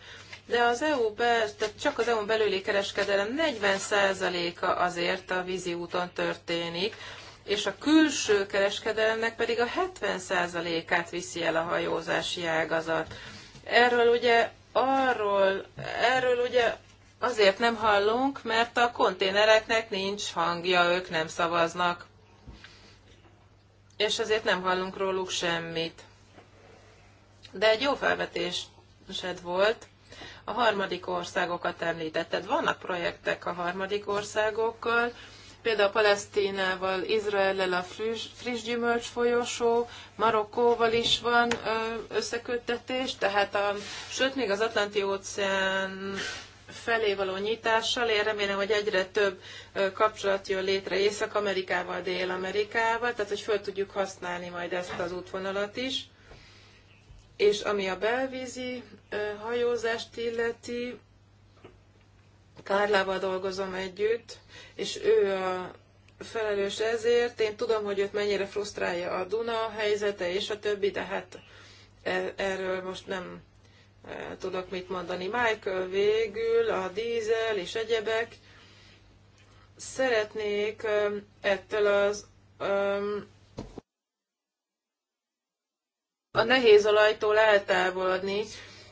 De az EU be, tehát csak az EU-n belüli kereskedelem 40%-a azért a vízi úton történik, és a külső kereskedelemnek pedig a 70%-át viszi el a hajózási ágazat. Erről ugye arról, erről ugye azért nem hallunk, mert a konténereknek nincs hangja, ők nem szavaznak. És azért nem hallunk róluk semmit. De egy jó felvetésed volt, a harmadik országokat említetted. Vannak projektek a harmadik országokkal, például Palesztinával, Izraellel a friss, friss gyümölcs folyosó, Marokkóval is van összeköttetés, tehát a, sőt még az Atlanti óceán felé való nyitással. Én remélem, hogy egyre több kapcsolat jön létre Észak-Amerikával, Dél-Amerikával, tehát hogy föl tudjuk használni majd ezt az útvonalat is. És ami a belvízi hajózást illeti, Kárlával dolgozom együtt, és ő a felelős ezért. Én tudom, hogy őt mennyire frusztrálja a Duna helyzete és a többi, de hát e, erről most nem e, tudok mit mondani. Michael végül, a dízel és egyebek. Szeretnék e, ettől az a nehéz olajtól eltávolodni,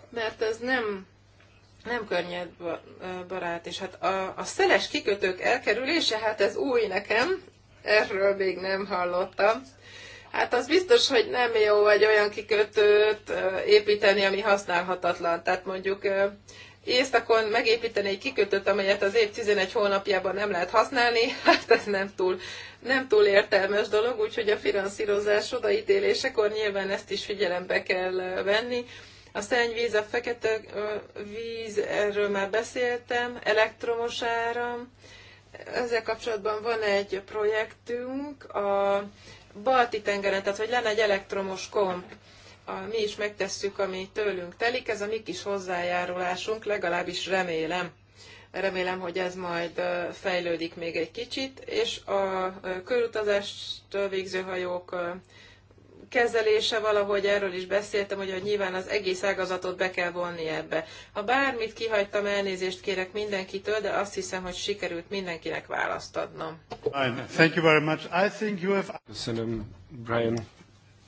mert ez nem nem környezetbarát, és hát a, a szeles kikötők elkerülése, hát ez új nekem, erről még nem hallottam. Hát az biztos, hogy nem jó vagy olyan kikötőt építeni, ami használhatatlan. Tehát mondjuk éjszakon megépíteni egy kikötőt, amelyet az év 11 hónapjában nem lehet használni, *laughs* hát ez nem túl, nem túl értelmes dolog, úgyhogy a finanszírozás odaítélésekor nyilván ezt is figyelembe kell venni. A szennyvíz, a fekete víz, erről már beszéltem, elektromos áram. Ezzel kapcsolatban van egy projektünk a Balti tengeren, tehát hogy lenne egy elektromos komp. A, mi is megtesszük, ami tőlünk telik, ez a mi kis hozzájárulásunk, legalábbis remélem. Remélem, hogy ez majd fejlődik még egy kicsit, és a körutazást végző hajók kezelése valahogy, erről is beszéltem, hogy, hogy nyilván az egész ágazatot be kell vonni ebbe. Ha bármit kihagytam, elnézést kérek mindenkitől, de azt hiszem, hogy sikerült mindenkinek választ adnom. Thank you very much. I think you have... Köszönöm, Brian.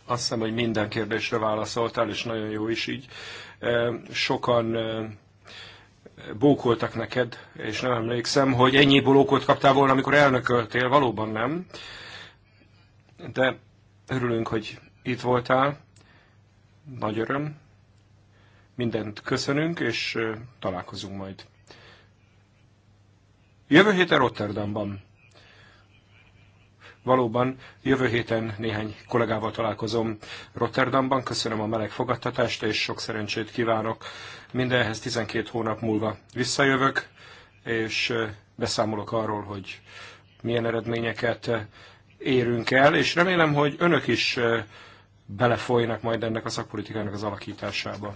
Azt hiszem, hogy minden kérdésre válaszoltál, és nagyon jó is így. Sokan bókoltak neked, és nem emlékszem, hogy ennyi bólókot kaptál volna, amikor elnököltél, valóban nem. De örülünk, hogy itt voltál. Nagy öröm. Mindent köszönünk, és találkozunk majd. Jövő héten Rotterdamban. Valóban, jövő héten néhány kollégával találkozom Rotterdamban. Köszönöm a meleg fogadtatást, és sok szerencsét kívánok. Mindenhez 12 hónap múlva visszajövök, és beszámolok arról, hogy milyen eredményeket érünk el, és remélem, hogy önök is belefolynak majd ennek a szakpolitikának az alakításába.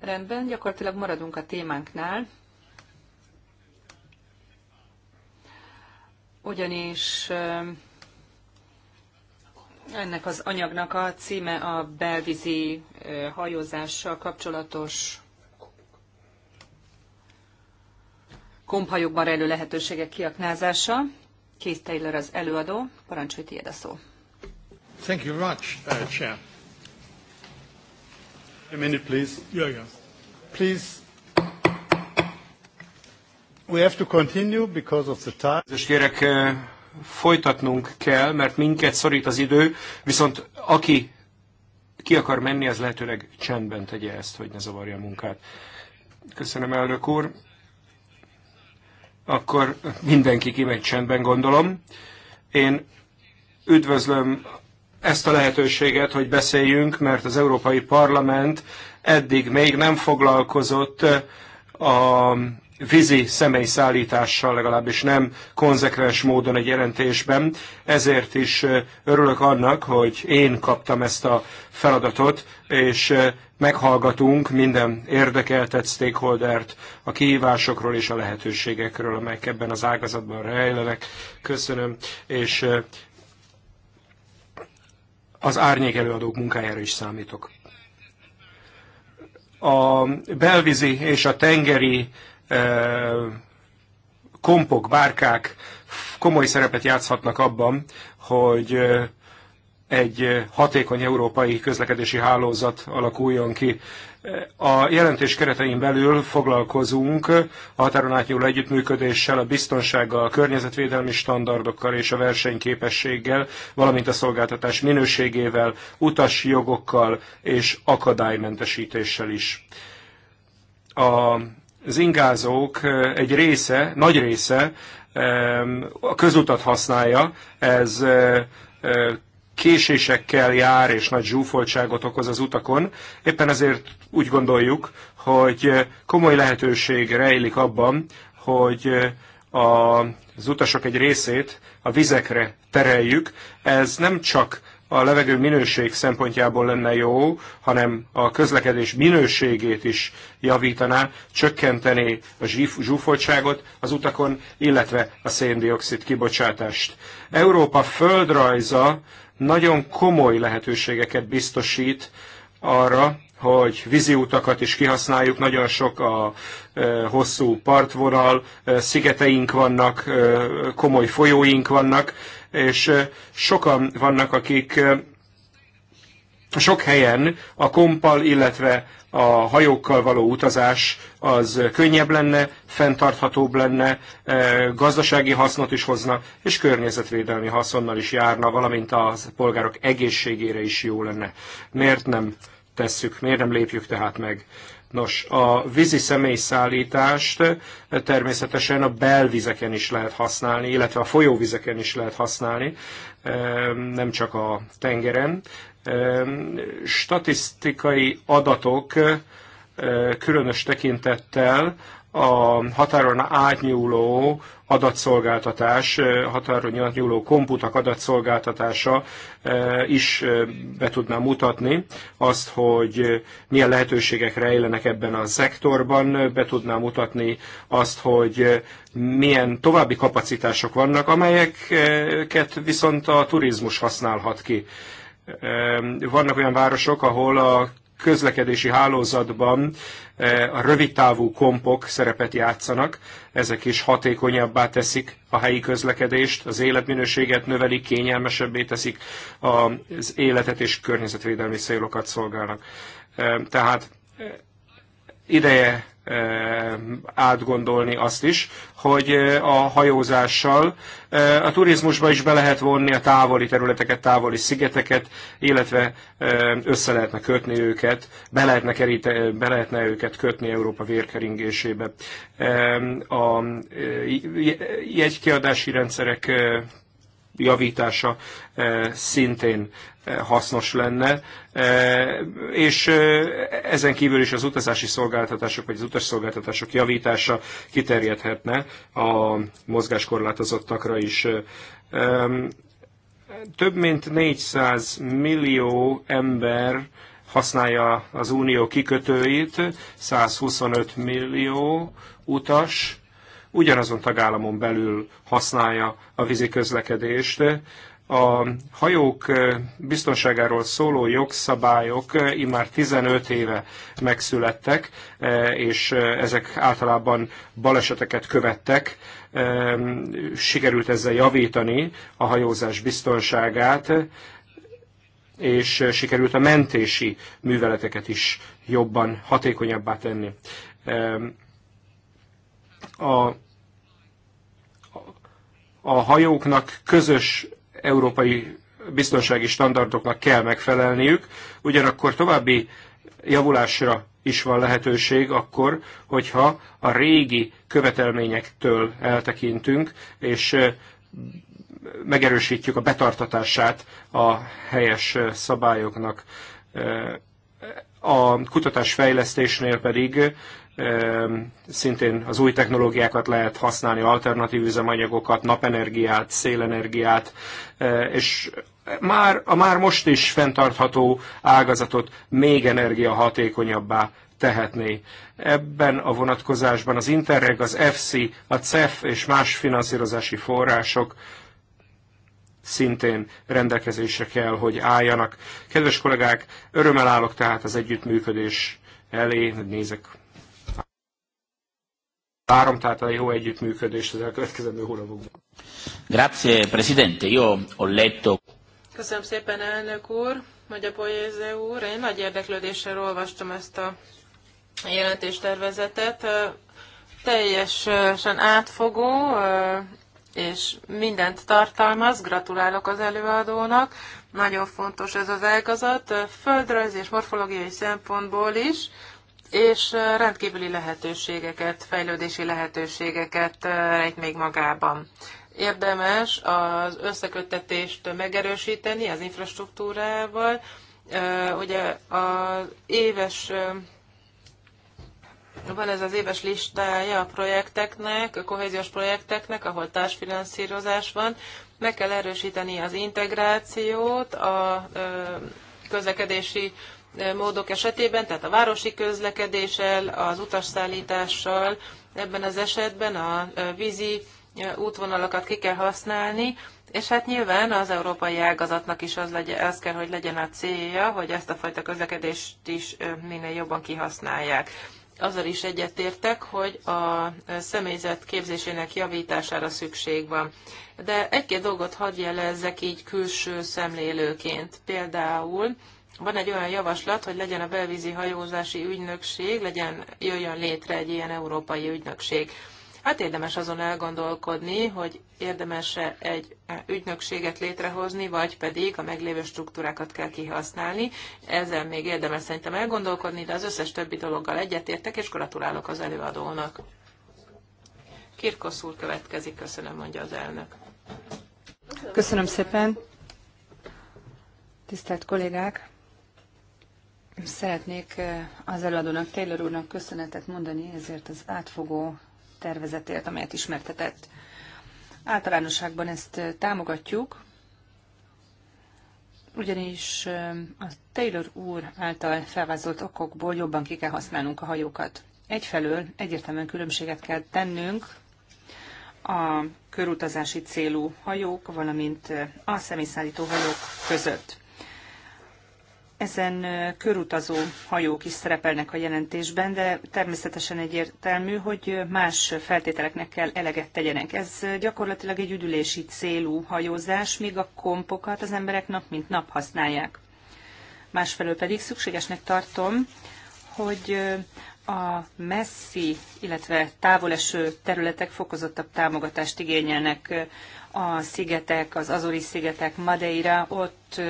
Rendben, gyakorlatilag maradunk a témánknál. ugyanis ennek az anyagnak a címe a belvízi hajózással kapcsolatos komphajokban rejlő lehetőségek kiaknázása. Keith Taylor az előadó. Parancsolj, tiéd a szó. Thank you very much, uh, Chair. A minute, please. Yeah, yeah. Please We have to continue because of the time. És eh, folytatnunk kell, mert minket szorít az idő, viszont aki ki akar menni, az lehetőleg csendben tegye ezt, hogy ne zavarja a munkát. Köszönöm, elnök úr. Akkor mindenki kimegy csendben, gondolom. Én üdvözlöm ezt a lehetőséget, hogy beszéljünk, mert az Európai Parlament eddig még nem foglalkozott eh, a vízi személyszállítással legalábbis nem konzekvens módon egy jelentésben. Ezért is örülök annak, hogy én kaptam ezt a feladatot, és meghallgatunk minden érdekeltet, stakeholdert a kihívásokról és a lehetőségekről, amelyek ebben az ágazatban rejlenek. Köszönöm, és az árnyék előadók munkájára is számítok. A belvízi és a tengeri kompok, bárkák komoly szerepet játszhatnak abban, hogy egy hatékony európai közlekedési hálózat alakuljon ki. A jelentés keretein belül foglalkozunk a határon átnyúló együttműködéssel, a biztonsággal, a környezetvédelmi standardokkal és a versenyképességgel, valamint a szolgáltatás minőségével, utasjogokkal és akadálymentesítéssel is. A az ingázók egy része, nagy része a közutat használja, ez késésekkel jár és nagy zsúfoltságot okoz az utakon. Éppen ezért úgy gondoljuk, hogy komoly lehetőség rejlik abban, hogy az utasok egy részét a vizekre tereljük. Ez nem csak a levegő minőség szempontjából lenne jó, hanem a közlekedés minőségét is javítaná, csökkentené a zsúfoltságot az utakon, illetve a széndiokszid kibocsátást. Európa földrajza nagyon komoly lehetőségeket biztosít arra, hogy vízi utakat is kihasználjuk, nagyon sok a e, hosszú partvonal, e, szigeteink vannak, e, komoly folyóink vannak, és sokan vannak, akik sok helyen a kompal, illetve a hajókkal való utazás az könnyebb lenne, fenntarthatóbb lenne, gazdasági hasznot is hozna, és környezetvédelmi haszonnal is járna, valamint a polgárok egészségére is jó lenne. Miért nem tesszük, miért nem lépjük tehát meg? Nos, a vízi személyszállítást eh, természetesen a belvizeken is lehet használni, illetve a folyóvizeken is lehet használni, ehm, nem csak a tengeren. Ehm, statisztikai adatok eh, különös tekintettel a határon átnyúló adatszolgáltatás, határon átnyúló komputak adatszolgáltatása is be tudná mutatni azt, hogy milyen lehetőségek rejlenek ebben a szektorban, be tudná mutatni azt, hogy milyen további kapacitások vannak, amelyeket viszont a turizmus használhat ki. Vannak olyan városok, ahol a közlekedési hálózatban eh, a rövidtávú kompok szerepet játszanak, ezek is hatékonyabbá teszik a helyi közlekedést, az életminőséget növelik, kényelmesebbé teszik, az életet és környezetvédelmi célokat szolgálnak. Eh, tehát eh, ideje átgondolni azt is, hogy a hajózással a turizmusba is be lehet vonni a távoli területeket, távoli szigeteket, illetve össze lehetne kötni őket, be lehetne, kerít, be lehetne őket kötni Európa vérkeringésébe. A jegykiadási rendszerek javítása eh, szintén eh, hasznos lenne, eh, és ezen kívül is az utazási szolgáltatások, vagy az utasszolgáltatások javítása kiterjedhetne a mozgáskorlátozottakra is. Több mint 400 millió ember használja az unió kikötőit, 125 millió utas, ugyanazon tagállamon belül használja a vízi közlekedést. A hajók biztonságáról szóló jogszabályok immár 15 éve megszülettek, és ezek általában baleseteket követtek. Sikerült ezzel javítani a hajózás biztonságát, és sikerült a mentési műveleteket is jobban, hatékonyabbá tenni a, a hajóknak közös európai biztonsági standardoknak kell megfelelniük, ugyanakkor további javulásra is van lehetőség akkor, hogyha a régi követelményektől eltekintünk, és megerősítjük a betartatását a helyes szabályoknak. A kutatásfejlesztésnél pedig Ehm, szintén az új technológiákat lehet használni, alternatív üzemanyagokat, napenergiát, szélenergiát, eh, és már, a már most is fenntartható ágazatot még energiahatékonyabbá tehetné. Ebben a vonatkozásban az Interreg, az FC, a CEF és más finanszírozási források szintén rendelkezésre kell, hogy álljanak. Kedves kollégák, örömmel állok tehát az együttműködés elé, nézek várom tehát a jó együttműködést az elkövetkező hónapokban. Grazie, Presidente. Io ho letto... Köszönöm szépen, elnök úr, Magyar Poézé úr. Én nagy érdeklődéssel olvastam ezt a jelentéstervezetet. Teljesen átfogó, és mindent tartalmaz. Gratulálok az előadónak. Nagyon fontos ez az ágazat, földrajz és morfológiai szempontból is és rendkívüli lehetőségeket, fejlődési lehetőségeket rejt még magában. Érdemes az összeköttetést megerősíteni az infrastruktúrával. Ugye az éves van ez az éves listája a projekteknek, a kohéziós projekteknek, ahol társfinanszírozás van. Meg kell erősíteni az integrációt, a közlekedési módok esetében, tehát a városi közlekedéssel, az utasszállítással, ebben az esetben a vízi útvonalakat ki kell használni, és hát nyilván az európai ágazatnak is az, legyen, az kell, hogy legyen a célja, hogy ezt a fajta közlekedést is minél jobban kihasználják. Azzal is egyetértek, hogy a személyzet képzésének javítására szükség van. De egy-két dolgot hadd jelezzek így külső szemlélőként. Például van egy olyan javaslat, hogy legyen a belvízi hajózási ügynökség, legyen, jöjjön létre egy ilyen európai ügynökség. Hát érdemes azon elgondolkodni, hogy érdemes-e egy ügynökséget létrehozni, vagy pedig a meglévő struktúrákat kell kihasználni. Ezzel még érdemes szerintem elgondolkodni, de az összes többi dologgal egyetértek, és gratulálok az előadónak. Kirkosz úr következik, köszönöm, mondja az elnök. Köszönöm szépen. Tisztelt kollégák! Szeretnék az előadónak, Taylor úrnak köszönetet mondani ezért az átfogó tervezetért, amelyet ismertetett. Általánosságban ezt támogatjuk, ugyanis a Taylor úr által felvázolt okokból jobban ki kell használnunk a hajókat. Egyfelől egyértelműen különbséget kell tennünk a körutazási célú hajók, valamint a személyszállító hajók között. Ezen körutazó hajók is szerepelnek a jelentésben, de természetesen egyértelmű, hogy más feltételeknek kell eleget tegyenek. Ez gyakorlatilag egy üdülési célú hajózás, míg a kompokat az emberek nap mint nap használják. Másfelől pedig szükségesnek tartom, hogy a messzi, illetve távoleső területek fokozottabb támogatást igényelnek. A szigetek, az Azori szigetek, Madeira, ott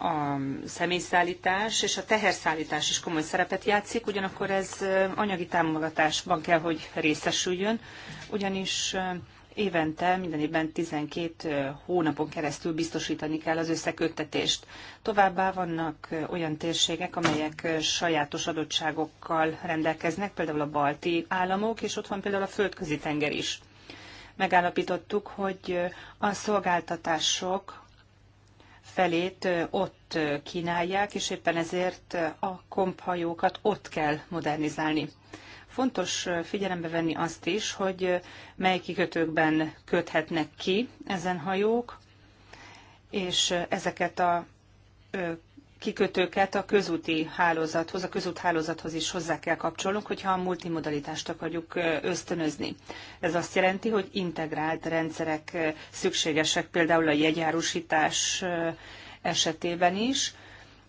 a személyszállítás és a teherszállítás is komoly szerepet játszik, ugyanakkor ez anyagi támogatásban kell, hogy részesüljön, ugyanis évente, minden évben 12 hónapon keresztül biztosítani kell az összeköttetést. Továbbá vannak olyan térségek, amelyek sajátos adottságokkal rendelkeznek, például a balti államok, és ott van például a földközi tenger is. Megállapítottuk, hogy a szolgáltatások felét ott kínálják, és éppen ezért a komphajókat ott kell modernizálni. Fontos figyelembe venni azt is, hogy mely kikötőkben köthetnek ki ezen hajók, és ezeket a kikötőket a közúti hálózathoz, a közút hálózathoz is hozzá kell kapcsolnunk, hogyha a multimodalitást akarjuk ösztönözni. Ez azt jelenti, hogy integrált rendszerek szükségesek, például a jegyárusítás esetében is,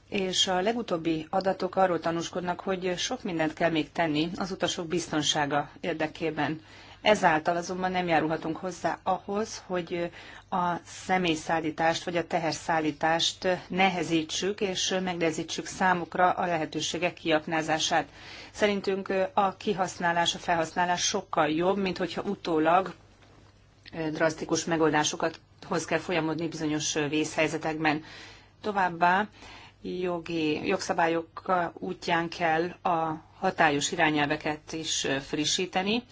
és a legutóbbi adatok arról tanúskodnak, hogy sok mindent kell még tenni az utasok biztonsága érdekében. Ezáltal azonban nem járulhatunk hozzá ahhoz, hogy a személyszállítást vagy a teherszállítást nehezítsük és megnehezítsük számukra a lehetőségek kiaknázását. Szerintünk a kihasználás, a felhasználás sokkal jobb, mint hogyha utólag drasztikus megoldásokat hoz kell folyamodni bizonyos vészhelyzetekben. Továbbá jogi, jogszabályok útján kell a hatályos irányelveket is frissíteni,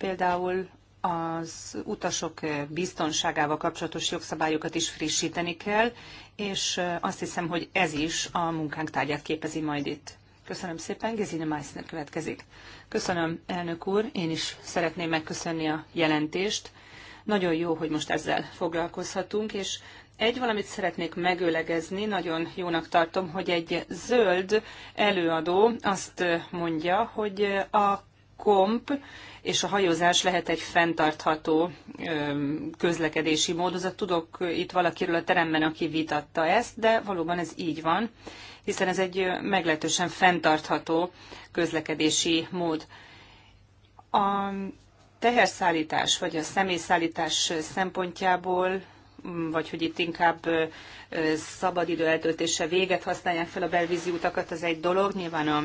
Például az utasok biztonságával kapcsolatos jogszabályokat is frissíteni kell, és azt hiszem, hogy ez is a munkánk tárgyát képezi majd itt. Köszönöm szépen, Gezine Meissner következik. Köszönöm, elnök úr, én is szeretném megköszönni a jelentést. Nagyon jó, hogy most ezzel foglalkozhatunk, és egy valamit szeretnék megölegezni. nagyon jónak tartom, hogy egy zöld előadó azt mondja, hogy a komp és a hajózás lehet egy fenntartható közlekedési módozat. Tudok itt valakiről a teremben, aki vitatta ezt, de valóban ez így van, hiszen ez egy meglehetősen fenntartható közlekedési mód. A teherszállítás vagy a személyszállítás szempontjából vagy hogy itt inkább szabadidő eltöltése véget használják fel a belvízi utakat, az egy dolog. Nyilván a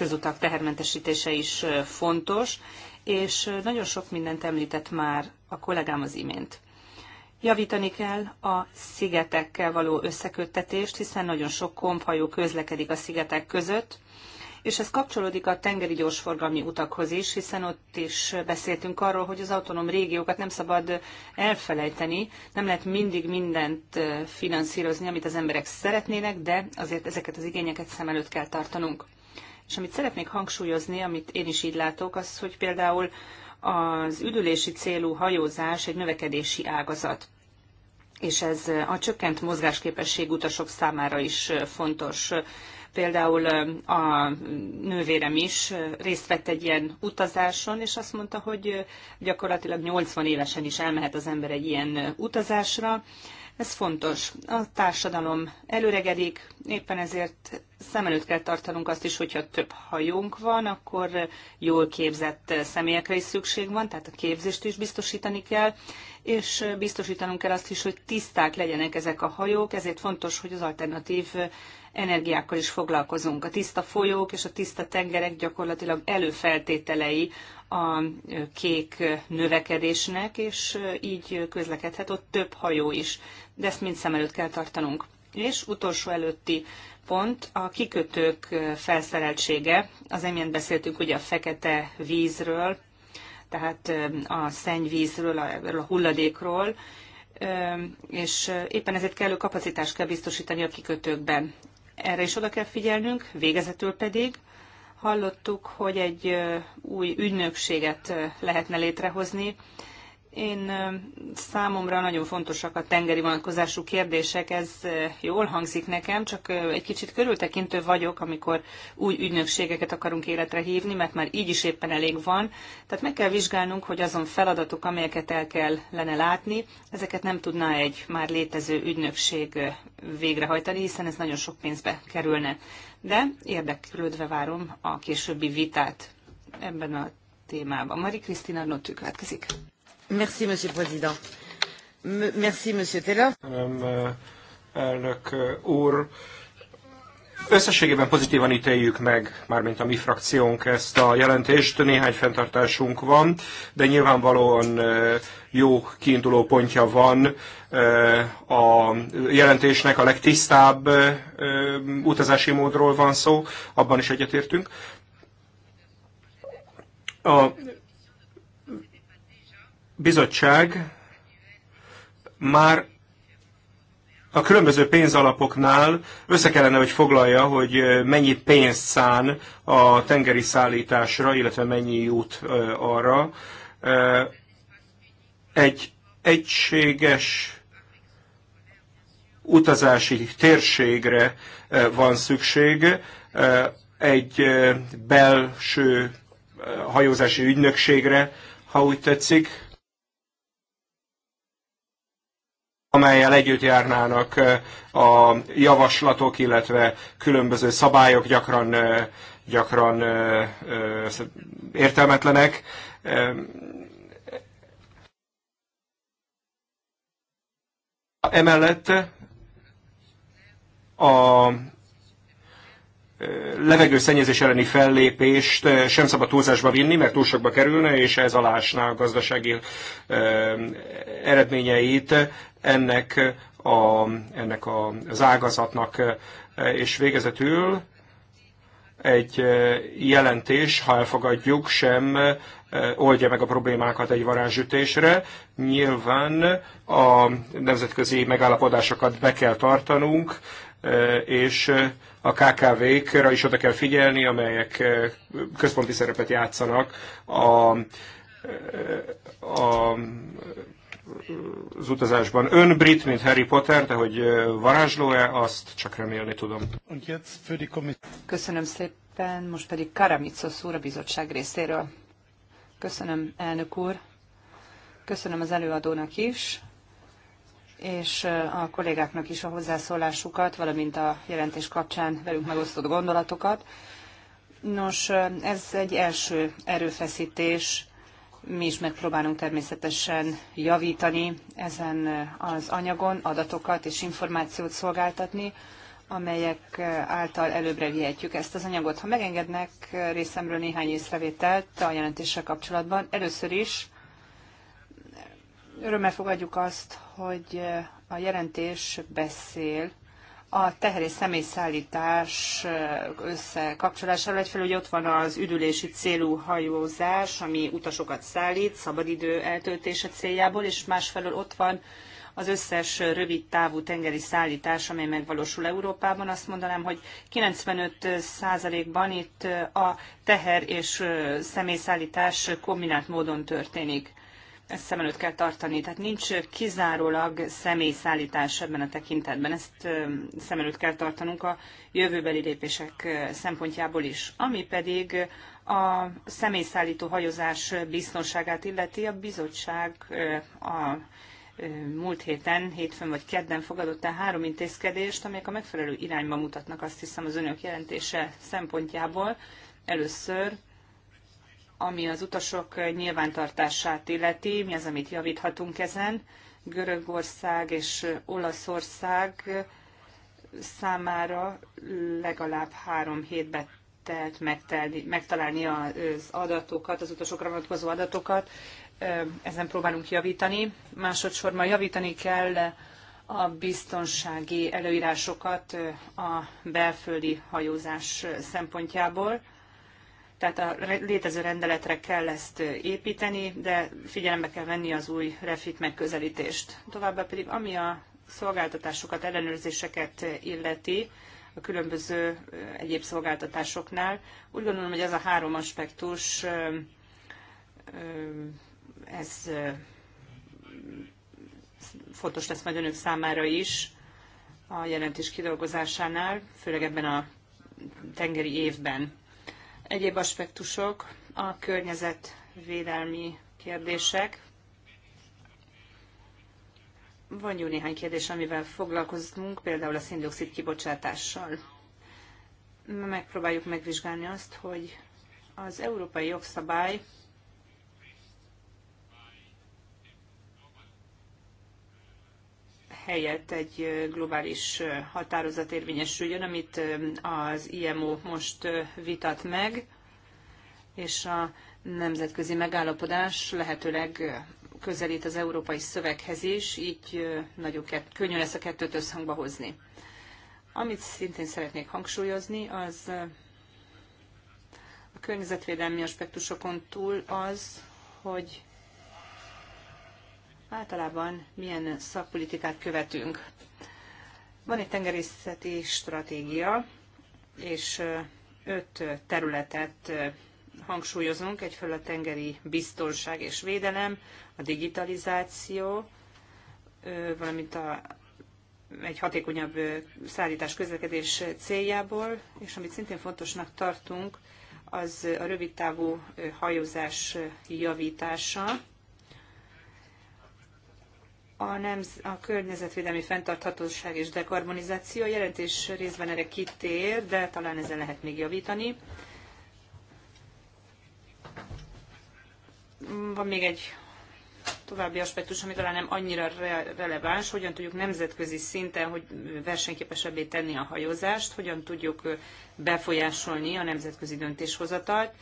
közutak tehermentesítése is fontos, és nagyon sok mindent említett már a kollégám az imént. Javítani kell a szigetekkel való összeköttetést, hiszen nagyon sok komphajó közlekedik a szigetek között, és ez kapcsolódik a tengeri gyorsforgalmi utakhoz is, hiszen ott is beszéltünk arról, hogy az autonóm régiókat nem szabad elfelejteni, nem lehet mindig mindent finanszírozni, amit az emberek szeretnének, de azért ezeket az igényeket szem előtt kell tartanunk. És amit szeretnék hangsúlyozni, amit én is így látok, az, hogy például az üdülési célú hajózás egy növekedési ágazat. És ez a csökkent mozgásképesség utasok számára is fontos. Például a nővérem is részt vett egy ilyen utazáson, és azt mondta, hogy gyakorlatilag 80 évesen is elmehet az ember egy ilyen utazásra, ez fontos. A társadalom előregedik, éppen ezért szem előtt kell tartanunk azt is, hogyha több hajónk van, akkor jól képzett személyekre is szükség van, tehát a képzést is biztosítani kell, és biztosítanunk kell azt is, hogy tiszták legyenek ezek a hajók, ezért fontos, hogy az alternatív energiákkal is foglalkozunk. A tiszta folyók és a tiszta tengerek gyakorlatilag előfeltételei a kék növekedésnek, és így közlekedhet ott több hajó is de ezt mind szem előtt kell tartanunk. És utolsó előtti pont a kikötők felszereltsége. Az emiatt beszéltünk ugye a fekete vízről, tehát a szennyvízről, a hulladékról, és éppen ezért kellő kapacitást kell biztosítani a kikötőkben. Erre is oda kell figyelnünk, végezetül pedig hallottuk, hogy egy új ügynökséget lehetne létrehozni, én számomra nagyon fontosak a tengeri vonatkozású kérdések, ez jól hangzik nekem, csak egy kicsit körültekintő vagyok, amikor új ügynökségeket akarunk életre hívni, mert már így is éppen elég van. Tehát meg kell vizsgálnunk, hogy azon feladatok, amelyeket el kell lenne látni, ezeket nem tudná egy már létező ügynökség végrehajtani, hiszen ez nagyon sok pénzbe kerülne. De érdeklődve várom a későbbi vitát ebben a témában. Mari Krisztina Notű következik. Monsieur le Président. Monsieur Taylor. elnök úr. Összességében pozitívan ítéljük meg, mármint a mi frakciónk ezt a jelentést, néhány fenntartásunk van, de nyilvánvalóan jó kiinduló pontja van a jelentésnek, a legtisztább utazási módról van szó, abban is egyetértünk. A bizottság már a különböző pénzalapoknál össze kellene, hogy foglalja, hogy mennyi pénzt szán a tengeri szállításra, illetve mennyi jut arra. Egy egységes utazási térségre van szükség, egy belső hajózási ügynökségre, ha úgy tetszik, amelyel együtt járnának a javaslatok, illetve különböző szabályok gyakran, gyakran értelmetlenek. Emellett a levegőszennyezés elleni fellépést eh, sem szabad túlzásba vinni, mert túl sokba kerülne, és ez alásná a gazdasági eh, eredményeit ennek, a, ennek az ágazatnak. Eh, és végezetül egy jelentés, ha elfogadjuk, sem oldja meg a problémákat egy varázsütésre. Nyilván a nemzetközi megállapodásokat be kell tartanunk, és a KKV-kra is oda kell figyelni, amelyek eh, központi szerepet játszanak a, eh, a az utazásban. Ön brit, mint Harry Potter, de hogy eh, varázsló-e, azt csak remélni tudom. Köszönöm szépen, most pedig Karamitsos úr a bizottság részéről. Köszönöm, elnök úr. Köszönöm az előadónak is és a kollégáknak is a hozzászólásukat, valamint a jelentés kapcsán velünk megosztott gondolatokat. Nos, ez egy első erőfeszítés. Mi is megpróbálunk természetesen javítani ezen az anyagon, adatokat és információt szolgáltatni, amelyek által előbbre vihetjük ezt az anyagot. Ha megengednek részemről néhány észrevételt a jelentéssel kapcsolatban, először is Örömmel fogadjuk azt, hogy eh, a jelentés beszél a teher és személyszállítás eh, összekapcsolására. Egyfelől, hogy ott van az üdülési célú hajózás, ami utasokat szállít, szabadidő eltöltése céljából, és másfelől ott van az összes rövid távú tengeri szállítás, amely megvalósul Európában. Azt mondanám, hogy 95%-ban itt eh, a teher és személyszállítás kombinált módon történik ezt szem előtt kell tartani. Tehát nincs kizárólag személyszállítás ebben a tekintetben. Ezt szem előtt kell tartanunk a jövőbeli lépések szempontjából is. Ami pedig a személyszállító hajózás biztonságát illeti, a bizottság a múlt héten, hétfőn vagy kedden fogadott el három intézkedést, amelyek a megfelelő irányba mutatnak, azt hiszem, az önök jelentése szempontjából. Először ami az utasok nyilvántartását illeti, mi az, amit javíthatunk ezen. Görögország és Olaszország számára legalább három hétbe telt megtalálni az adatokat, az utasokra vonatkozó adatokat. Ezen próbálunk javítani. Másodszorban javítani kell a biztonsági előírásokat a belföldi hajózás szempontjából tehát a létező rendeletre kell ezt építeni, de figyelembe kell venni az új refit megközelítést. Továbbá pedig ami a szolgáltatásokat, ellenőrzéseket illeti, a különböző egyéb szolgáltatásoknál. Úgy gondolom, hogy ez a három aspektus, ez fontos lesz majd önök számára is a jelentés kidolgozásánál, főleg ebben a tengeri évben. Egyéb aspektusok, a környezetvédelmi kérdések. Van jó néhány kérdés, amivel foglalkoztunk, például a széndiokszid kibocsátással. Megpróbáljuk megvizsgálni azt, hogy az európai jogszabály helyett egy globális határozat érvényesüljön, amit az IMO most vitat meg, és a nemzetközi megállapodás lehetőleg közelít az európai szöveghez is, így nagyon könnyű lesz a kettőt összhangba hozni. Amit szintén szeretnék hangsúlyozni, az a környezetvédelmi aspektusokon túl az, hogy általában milyen szakpolitikát követünk. Van egy tengerészeti stratégia, és öt területet hangsúlyozunk, egyfelől a tengeri biztonság és védelem, a digitalizáció, valamint a, egy hatékonyabb szállítás közlekedés céljából, és amit szintén fontosnak tartunk, az a rövidtávú hajózás javítása, a, nemz, a környezetvédelmi fenntarthatóság és dekarbonizáció. A jelentés részben erre kitér, de talán ezen lehet még javítani. Van még egy további aspektus, ami talán nem annyira re- releváns, hogyan tudjuk nemzetközi szinten, hogy versenyképesebbé tenni a hajózást, hogyan tudjuk befolyásolni a nemzetközi döntéshozatalt,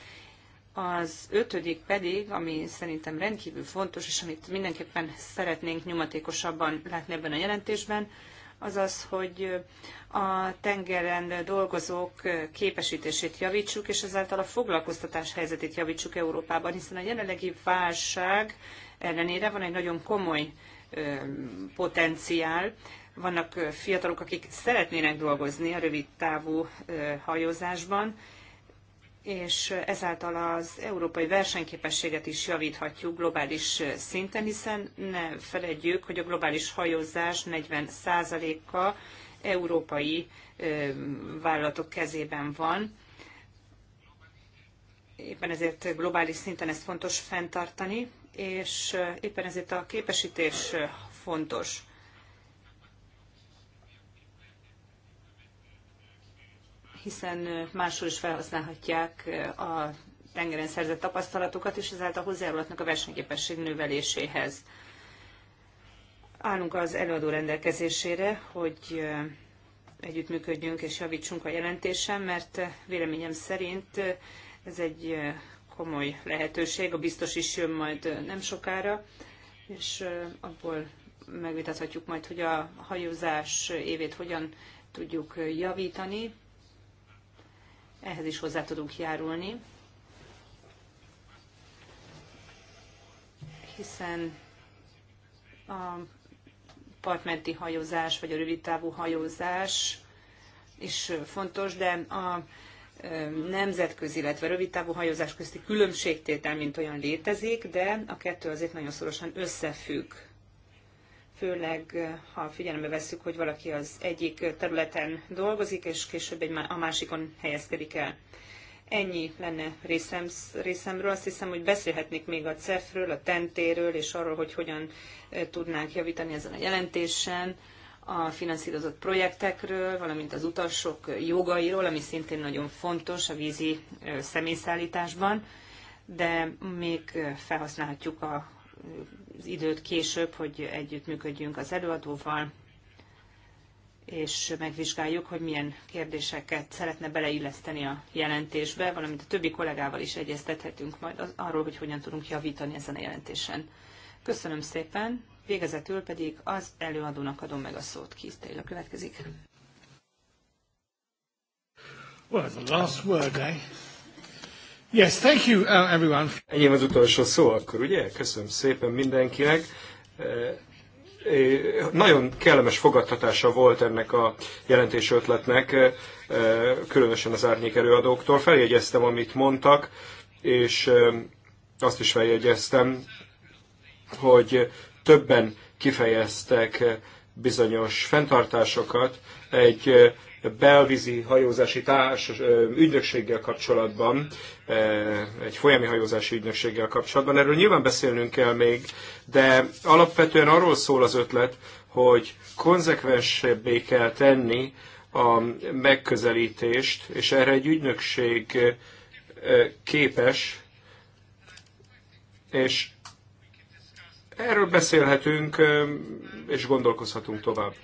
az ötödik pedig, ami szerintem rendkívül fontos, és amit mindenképpen szeretnénk nyomatékosabban látni ebben a jelentésben, az az, hogy a tengeren dolgozók képesítését javítsuk, és ezáltal a foglalkoztatás helyzetét javítsuk Európában, hiszen a jelenlegi válság ellenére van egy nagyon komoly potenciál. Vannak fiatalok, akik szeretnének dolgozni a rövid távú hajózásban, és ezáltal az európai versenyképességet is javíthatjuk globális szinten, hiszen ne feledjük, hogy a globális hajózás 40%-a európai vállalatok kezében van. Éppen ezért globális szinten ezt fontos fenntartani, és éppen ezért a képesítés fontos. hiszen máshol is felhasználhatják a tengeren szerzett tapasztalatokat, és ezáltal hozzájárulhatnak a versenyképesség növeléséhez. Állunk az előadó rendelkezésére, hogy együttműködjünk és javítsunk a jelentésen, mert véleményem szerint ez egy komoly lehetőség, a biztos is jön majd nem sokára, és abból megvitathatjuk majd, hogy a hajózás évét hogyan tudjuk javítani, ehhez is hozzá tudunk járulni, hiszen a partmenti hajózás vagy a rövidtávú hajózás is fontos, de a nemzetközi, illetve rövidtávú hajózás közti különbségtétel, mint olyan létezik, de a kettő azért nagyon szorosan összefügg főleg ha figyelembe vesszük, hogy valaki az egyik területen dolgozik, és később egy, a másikon helyezkedik el. Ennyi lenne részem, részemről. Azt hiszem, hogy beszélhetnék még a CEF-ről, a tentéről, és arról, hogy hogyan e, tudnánk javítani ezen a jelentésen, a finanszírozott projektekről, valamint az utasok jogairól, ami szintén nagyon fontos a vízi e, személyszállításban, de még e, felhasználhatjuk a az időt később, hogy együttműködjünk az előadóval, és megvizsgáljuk, hogy milyen kérdéseket szeretne beleilleszteni a jelentésbe, valamint a többi kollégával is egyeztethetünk majd arról, hogy hogyan tudunk javítani ezen a jelentésen. Köszönöm szépen, végezetül pedig az előadónak adom meg a szót. Keith Taylor következik. Well, the last word, eh? Yes, thank you uh, everyone. Enyém az utolsó szó akkor, ugye? Köszönöm szépen mindenkinek. Eh, eh, nagyon kellemes fogadtatása volt ennek a jelentés ötletnek, eh, különösen az árnyék előadóktól. Feljegyeztem, amit mondtak, és azt is feljegyeztem, hogy többen kifejeztek bizonyos fenntartásokat egy belvízi hajózási társ ügynökséggel kapcsolatban, egy folyami hajózási ügynökséggel kapcsolatban. Erről nyilván beszélnünk kell még, de alapvetően arról szól az ötlet, hogy konzekvensebbé kell tenni a megközelítést, és erre egy ügynökség képes, és erről beszélhetünk, és gondolkozhatunk tovább.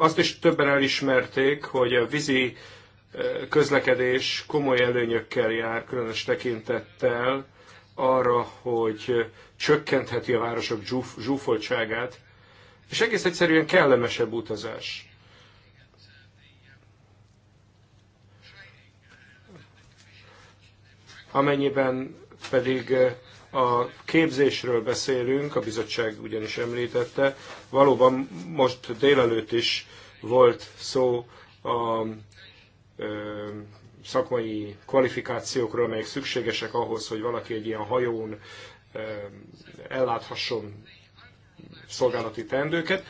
Azt is többen elismerték, hogy a vízi eh, közlekedés komoly előnyökkel jár, különös tekintettel arra, hogy eh, csökkentheti a városok zsúfoltságát, és egész egyszerűen kellemesebb utazás. Amennyiben pedig eh, a képzésről beszélünk, a bizottság ugyanis említette. Valóban most délelőtt is volt szó a szakmai kvalifikációkról, amelyek szükségesek ahhoz, hogy valaki egy ilyen hajón elláthasson szolgálati teendőket.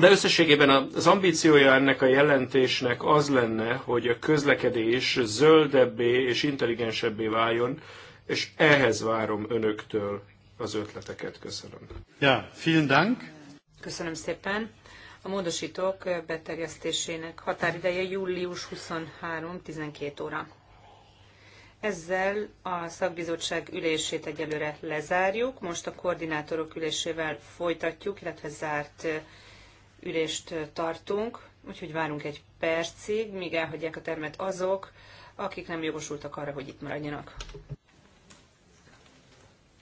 De összességében az ambíciója ennek a jelentésnek az lenne, hogy a közlekedés zöldebbé és intelligensebbé váljon, és ehhez várom önöktől az ötleteket. Köszönöm. Ja, vielen Dank. Köszönöm szépen. A módosítók beterjesztésének határideje július 23, 12 óra. Ezzel a szakbizottság ülését egyelőre lezárjuk, most a koordinátorok ülésével folytatjuk, illetve zárt ülést tartunk, úgyhogy várunk egy percig, míg elhagyják a termet azok, akik nem jogosultak arra, hogy itt maradjanak.